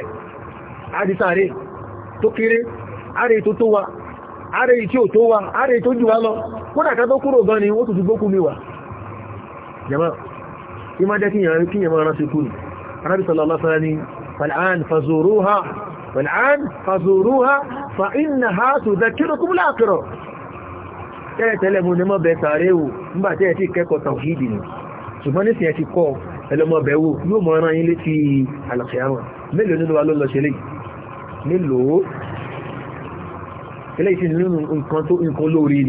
tó kéré tó tó wa àrẹ tí ò tó wa tó jù wá lọ kódà ká tó kúrò gan ni ó tuntun gbókú mi wà jẹ̀mọ́ kí má jẹ́ kíyàn kú ni fal'an والآن فزوروها فإنها تذكركم الآخرة tẹ́lẹ̀tẹ́lẹ̀ mú ní mọ́ bẹ sàárè wò nígbà tẹ́ẹ̀ tí kẹ́kọ̀ọ́ tàwíìdì ni ṣùgbọ́n ní ìsìn ẹ̀ ti kọ́ ẹlọmọ bẹ̀ wò yóò mọ̀ ọ́nà yín létí àlàkìyàmọ̀ mélòó nínú wa ló lọ ṣẹlẹ̀ mélòó eléyìí sì nínú nǹkan tó nǹkan lórí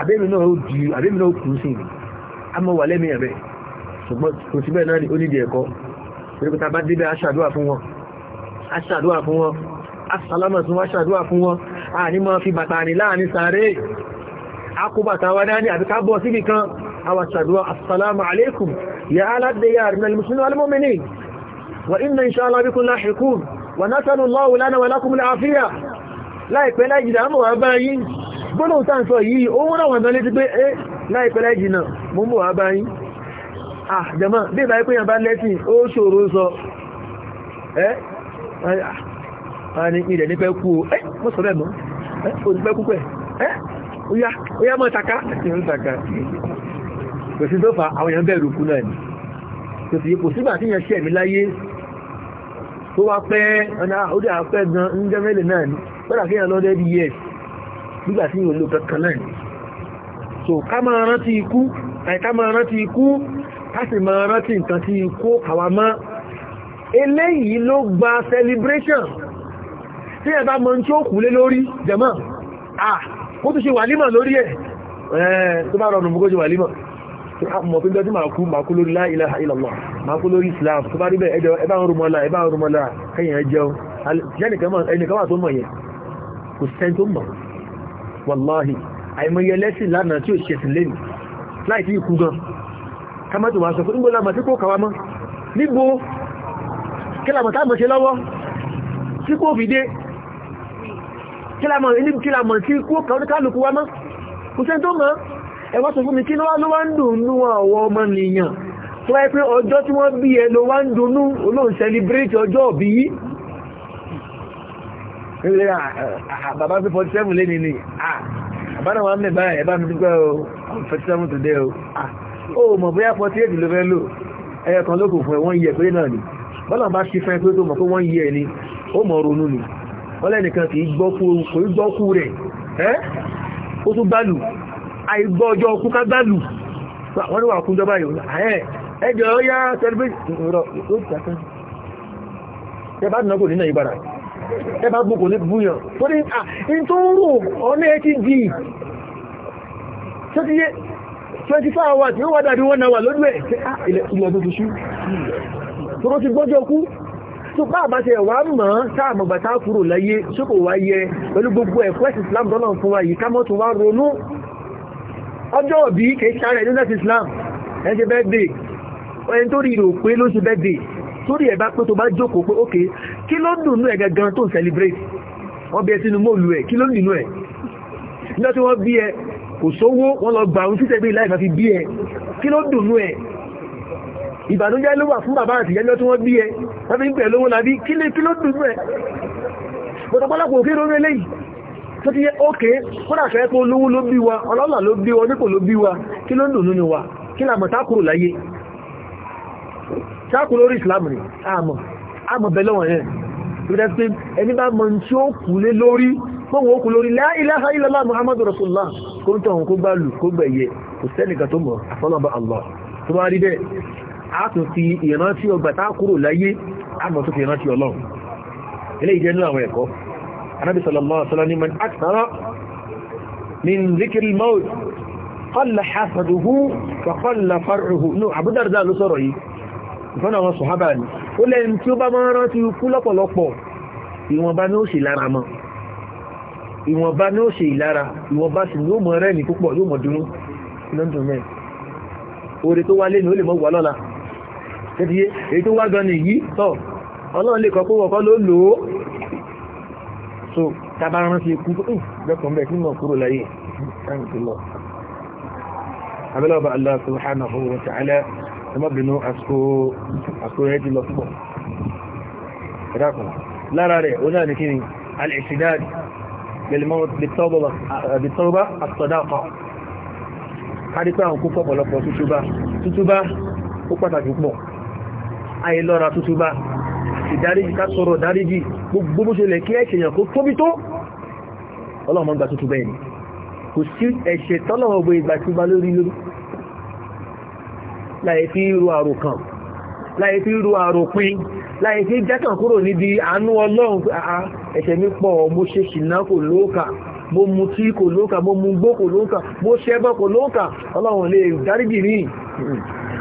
àbẹ́mi náà ó di àbẹ́mi náà ó kù sí ìlú a mọ̀ wà lẹ́mìí ẹ̀bẹ̀ ṣùgbọ́n kò sí bẹ́ẹ̀ náà ni ó nídìí ẹ̀kọ́ pẹ̀lúkúta bá débẹ̀ aṣàdúrà fún wọn aṣàdúrà fún wọn aṣàlámà tún aṣàdúrà fún wọn a ní mọ́ fi bàtà ní láàrin sàárè akúbàtà wá dání àbíká bọ́ síbì kan awàṣàdúrà assalamu gbọ́nà òtà ń yìí ó wọ́n àwọn ti pé eh láìpẹ́ láì jìnà mú mú wà ah jẹ́mọ́ bí ìbá ipé yàn bá lẹ́sìn ó ṣòro sọ ẹ́ ní ilẹ̀ nípẹ́ o eh mọ́ sọ bẹ́ẹ̀ mọ́ o kú pẹ̀ ẹ́ ó yá mọ́ kò fa àwọn èèyàn bẹ̀rù kú náà ni kò sí kò sígbà tí ṣe ẹ̀mí láyé tó wá pẹ́ gan ń jẹ́ mẹ́lẹ̀ náà ni pẹ́lá lọ́dẹ́ nígbà tí yóò lò kankan náà ni so ká máa rántí ikú àìká máa rántí ikú ká sì máa rántí nǹkan tí ikú kàwà mọ́ eléyìí ló gba celebration tí ẹ bá mọ tí ó kú lé lórí jẹmọ́ ah kó tó ṣe wàlímà lórí ẹ̀ ẹ̀ tó bá rọrùn mú kó ṣe wàlímà mọ̀ pé jọjú máa kú máa kú lórí la ilaha illallah máa kú lórí islam tó bá rí bẹ́ẹ̀ ẹjọ́ ẹbá ń rúmọ́lá ẹbá ń rúmọ́lá kẹyìn ẹjọ́ ẹnìkan wà tó mọ̀ yẹn kò sẹ́ni tó mọ̀ wàláhì àìmọye ẹlẹ́sìn lánàá tí ó ṣẹ̀sìn lẹ́nu láì tí ikú gan kamátò wà sọ fún nígbò lámà tí kò kàwà mọ́ nígbò kílàmọ̀ táàmọ̀ ṣe lọ́wọ́ tí kò fìdé kílàmọ̀ tí kò kàwọ́dúkálùkù wá mọ́ kò sẹ́ tó mọ́ ẹwà sọ fún mi kí ló ló wá ń dùnú nílé ah, ah, ah, bàbá fi 47 lé ní ní àbá náà wọ́n mẹ́bàá ẹ̀bá mi dúpẹ́ o 47 today o ó mọ̀ bóyá 48 ló fẹ́ lò ẹyẹ kan lókùn fún ẹ wọ́n yẹ pé náà ni bọ́lá bá ṣí fẹ́ pé tó mọ̀ pé wọ́n yẹ ni ó mọ̀ ronú ni bọ́lá ẹnìkan kì í gbọ́kú rẹ̀ ẹ́ ó tún gbálù àìgbọ́ ọjọ́ ọkú ká gbálù wọ́n ní wà kún jọba yìí ẹ̀ ẹjọ́ ó yá tẹlifíṣàn ẹbá gbogbo ní búyàn tó ní à in tó ń rò ọ́nà ẹ̀ ti di tó ti yé 24 hours yóò wá dàbí wọ́n náwà lórí ẹ̀ ilẹ̀ tó ti ṣú tó ló ti gbọ́jọ́ kú tó bá àbáṣẹ ẹ̀wà mọ́ sáàmọ̀gbà tá kúrò láyé ṣókò wá pẹ̀lú gbogbo ẹ̀kọ́ Islam dọ́nà fún wa yìí ká mọ́tún wá ronú ọjọ́ òbí kèé sáré ẹ̀dọ́nà Islam ẹ̀ ṣe bẹ́ẹ̀ dé ẹni tó rí torí ẹ̀ bá pé tó bá jókòó pé ókè kí ló dùn nú ẹ̀ gangan tó ń celebrate wọ́n bí ẹ sínú mọ́ọ̀lù ẹ̀ kí ló nínú ẹ̀ nígbà tí wọ́n bí ẹ kò sówó wọ́n lọ gbà ń títẹ̀ bí láìfà fi bí ẹ kí ló dùn nú ẹ̀ ìbànújẹ́ ló wà fún bàbá àti ìyẹ́jọ́ tí wọ́n bí ẹ wọ́n fi ń pẹ̀ lówó labí kí ló dùn nú ẹ̀ pọ̀tọ̀pọ̀lọpọ̀ òkè lórí eléyìí tó ti yẹ ókè kódà fẹ́ pé sáàkù lórí ìsìlámù ni àmọ́ àmọ́ bẹ̀lẹ̀ wọ̀n yẹn tó dẹ́ pé ẹni bá mọ̀ tí ó kù lé lórí fóun ó kù lórí la ilaha illallah muhammadu rasulullah kó ń tọ̀hún kó gbá lù kó gbẹ̀yẹ kò sẹ́nìkan tó mọ̀ àfọlọ́bà allah tó bá rí bẹ́ẹ̀ a tún fi ìrántí ọgbà tá kúrò láyé àmọ́ tó fi ìrántí ọlọ́run eléyìí jẹ́ nínú ló sọ̀rọ̀ yìí ìfọ́nà àwọn sọ̀hábà ní ó lẹ́yìn tí ó bá máa rántí ikú lọ́pọ̀lọpọ̀ ìwọ̀nba ní ó ṣe lára mọ́ ìwọ̀nba ní ó ṣe ìlara ìwọ̀nba sì ní ó mọ rẹ́ni púpọ̀ yóò mọ̀ dúnú lọ́dún mẹ́ oore tó wá lẹ́nu ó lè mọ́ wà lọ́la tẹ́tíyé èyí tó wá gan nìyí tọ́ ọlọ́run lè kọ́ pé wọ́kọ́ ló lò ó so tábà rántí ikú tó gbẹ́kọ̀ọ́ mẹ́ kí mọ̀ kúrò láyé táǹkì lọ abẹ́lẹ́ ọba Allah subhanahu wa ta'ala ẹmọ́bìnú àsìkò rẹ̀ jùlọ púpọ̀ ẹ̀dàkùn lára rẹ̀ ó náà ní kí ni alẹ́sìdáàdì bẹ̀lẹ̀mọ́bìtọ́bà àtọ̀dáàkọ́ kárípé àwọn kó pọ̀pọ̀lọpọ̀ tútúbá tútúbá ó pàtàkì pọ̀ àìlọ́ra tútúbá ìdáríjì ká sọ̀rọ̀ dáríjì gbogbo bó ṣe lẹ̀ kí ẹ̀ṣẹ̀yàn kó tóbi tó ọlọ́mọ́gbà tútúbá ẹni kò sí ẹ̀ṣẹ̀ tọ́lọ́wọ́ gbé ìgbà túbá lórí lórí láyé fi ru àròkàn láyé fi ru àròpin láyé fi jákàn kúrò níbi àánú ọlọ́run ẹ̀ṣẹ̀ mi pọ̀ mo ṣe ṣìnà kò lóòkà mo mu tí kò lóòkà mo mu gbó kò lóòkà mo ṣẹbọ kò lóòkà ọlọ́run lè dáríjì ní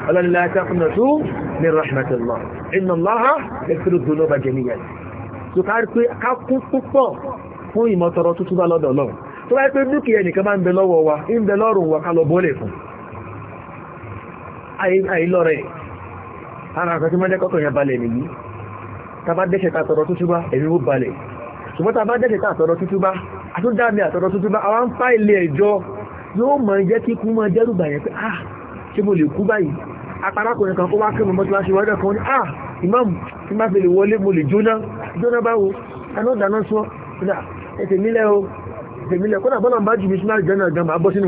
ọlọ́run la taqnatu min rahmatillah inna Allaha yaghfiru dhunuba jami'an tó kárí pé ká kún púpọ̀ fún ìmọ̀tọ̀rọ̀ tuntun bá lọ́dọ̀ ọlọ́run tó bá pé dúkìá ẹnìkan bá ń bẹ lọ́wọ́ wa ń bẹ lọ́rùn wa ká lọ bọ́lẹ̀ fún àìlọ́rẹ̀ ara àkọ́ tí mọ́ jẹ́kọ́kọ̀ yẹn balẹ̀ nìyí tàbá dẹ́ṣẹ̀ tàtọ̀rọ̀ tútúbá ẹ̀mí ó balẹ̀ ṣùgbọ́n tàbá dẹ́ṣẹ̀ tàtọ̀rọ̀ tútúbá àtúndàmì àtọ̀rọ̀ tútúbá àwọn ń fà ilé ẹjọ́ yóò mọ̀ jẹ́ kí kú mọ́ jẹ́rùbà yẹn pé ah ṣe mo lè kú báyìí aparákùnrin kan kó wá kí mo mọ́ tí wáṣe wájọ́ kan ní ah imam tí má fi lè wọlé mo lè jóná jóná báwo anọ́dáná sọ ẹ̀tẹ̀mílẹ̀ o ẹ̀tẹ̀mílẹ̀ kọ́nà bọ́lá ń bá jù mí sínú àjọ náà gan máa bọ́ sínú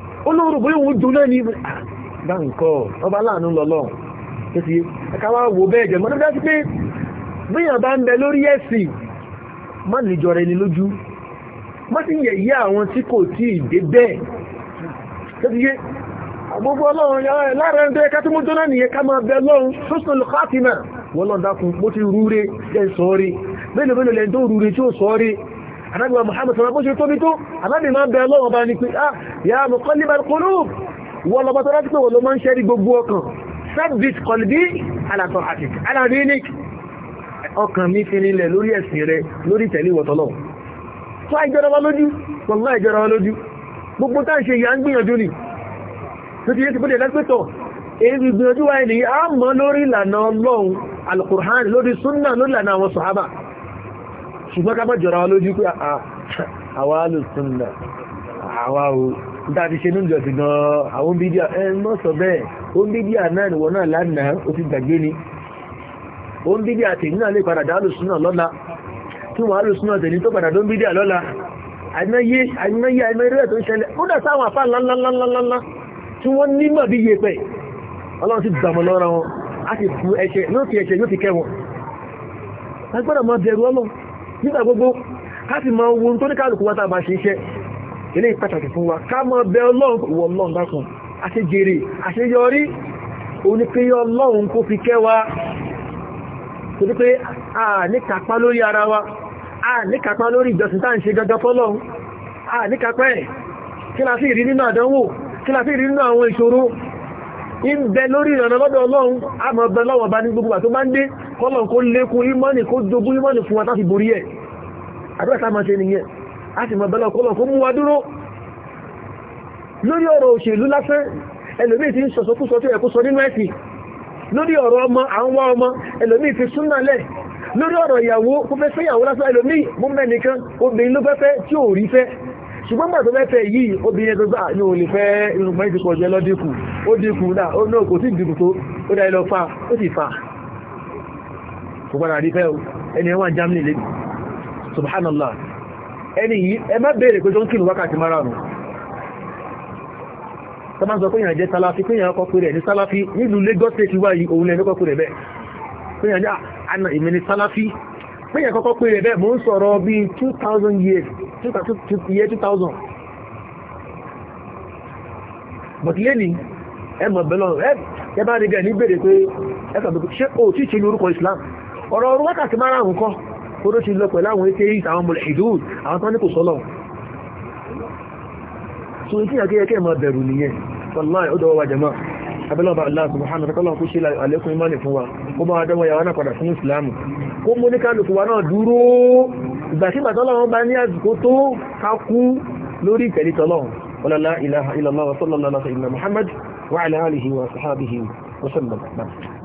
olóòrò bóyá òun dùn náà ní báńkọ́ ọba láàánú lọ́lọ́ títí ẹkàwà wò bẹ́ẹ̀ jẹ́ mọ́tọ́dá sí pé bíyàn bá ń bẹ lórí ẹ̀sìn má lè jọra ẹni lójú má sì yẹ ìyá àwọn tí kò tí ì dé bẹ́ẹ̀ títí yé gbogbo ọlọ́run lára ẹni tó yẹ ká tó ti rúre anábìwà Muhammad sọ̀rọ̀ bó ṣe tóbi tó anábì máa bẹ ọlọ́wọ́ bá ní pé ah ya muqallibal qulub wọ́n lọ́bọ́ tó láti pé wọ́n ló máa ń ṣẹ́rí gbogbo ọkàn sabbit qalbi ala ta'atik ala dinik ọkàn mi fi nílẹ̀ lórí ẹ̀sìn rẹ lórí tẹ̀lé wọ̀tọ́lọ́ tó àìjọra wa lójú pọ̀lá ìjọra wa lójú gbogbo tá ń ṣe ìyá ń ṣùgbọ́n ká mọ́jọra wa lójú pé ah, àwa alùsùnà àwa o dá ti ṣe ní ìjọ sí gan àwọn bídíà ẹ mọ́ sọ bẹ́ẹ̀ o ń bídíà náà ìwọ náà lánàá ó ti gbàgbé ni o ń bídíà tèmi náà lè padà dá alùsùnà lọ́la tí wọ́n alùsùnà tèmi tó padà dó ń bídíà lọ́la àìmọye àìmọye àìmọye rẹ̀ tó ń ṣẹlẹ̀ ó dà sáwọn àfà ńláńláńláńlá tí wọ́n nímọ̀ bí yé pẹ̀ ọlọ́run ti dàmọ̀ lọ́ra wọn a sì fún ẹ̀ṣẹ̀ yóò fi ẹ̀ṣẹ̀ yóò fi kẹ́ wọn agbọ́dọ̀ máa bẹ̀rù ọlọ́run nígbà gbogbo káti ma wo tó ní kálùkù wátà bá ṣe iṣẹ́ ilé ìpàtàkì fún wa ká mọ́ bẹ ọlọ́run dákun àṣejèrè àṣeyọrí onípéyọ ọlọ́run kó fi kẹ́ wa tó ní pé a ní kápá lórí ara wa a ní kápá lórí ìjọsìn tá ìbẹ̀ lórí ìrànà lọ́dọ̀ ọlọ́run a mọ̀ bẹ lọ́wọ́ bá ní gbogbo àtó bá ń dé kọ́lọ̀n kó lékún ìmọ́nì kó jogún ìmọ́nì fún wa tàbí borí ẹ̀ àdúrà máa ṣe nìyẹn a sì mọ̀ bẹ lọ́wọ́ kọ́lọ̀n kó mú wa dúró lórí ọ̀rọ̀ òṣèlú lásán ẹlòmíì ti ń sọ̀sọ́kúsọ tó yẹ kó sọ nínú ìyàwó kó fẹ́ fẹ́ ìyàwó lásán ẹlòmíì mú mẹ́nìkan obìnrin ló fẹ́ fẹ́ tí ò rí fẹ́ ṣùgbọ́n gbà tó mẹ́fẹ́ yìí obìnrin tó gbà ní òun lè fẹ́ irùngbọ̀n ìdìkọ̀ jẹ́ lọ́dínkù ó dínkù náà ó náà kò sí ìdìkù tó ó dá ilọ̀ fa ó sì fa kò padà rí fẹ́ ẹni ẹwà Germany lè subhanallah ẹni yìí ẹ má béèrè pé tó ń kìlù wákàtí márùn-ún tó pé Salafi pé pé ní Salafi nílùú Lagos state òun pé pé ah, Salafi pẹ́yẹ̀ kọ́kọ́ pé rẹ̀ bẹ́ẹ̀ mọ́ ń sọ̀rọ̀ bí 2000 years 2000 but lẹ́ni ẹmọ̀ belong ẹ bá nígbẹ̀ ní bèèrè pé ẹkàbẹ̀kù ṣe ò tí ṣe ní orúkọ Islam ọ̀rọ̀ ọ̀rọ̀ wákàtí mara àrùn kọ́ tó ló ṣe lọ pẹ̀lú àwọn ètè ìta àwọn mọ̀lẹ̀ ìdúrù àwọn tán ní so ìfihàn kí ẹkẹ́ mọ̀ bẹ̀rù nìyẹn wallahi ó dọwọ́ wa jẹ́mọ́ abẹ́lọ́bà Allah subhanahu wa ta'ala kó ṣe àlékún imani fún wa kó bá adọ́wọ̀ yàwó náà padà fún islamu kó mú ní kálùkù wa náà dúró ìgbàsígbà tọ́lọ́wọ́n bá ní àsìkò tó kákú lórí ìtẹ̀lé wa ala alihi wa sahabihi wa sallam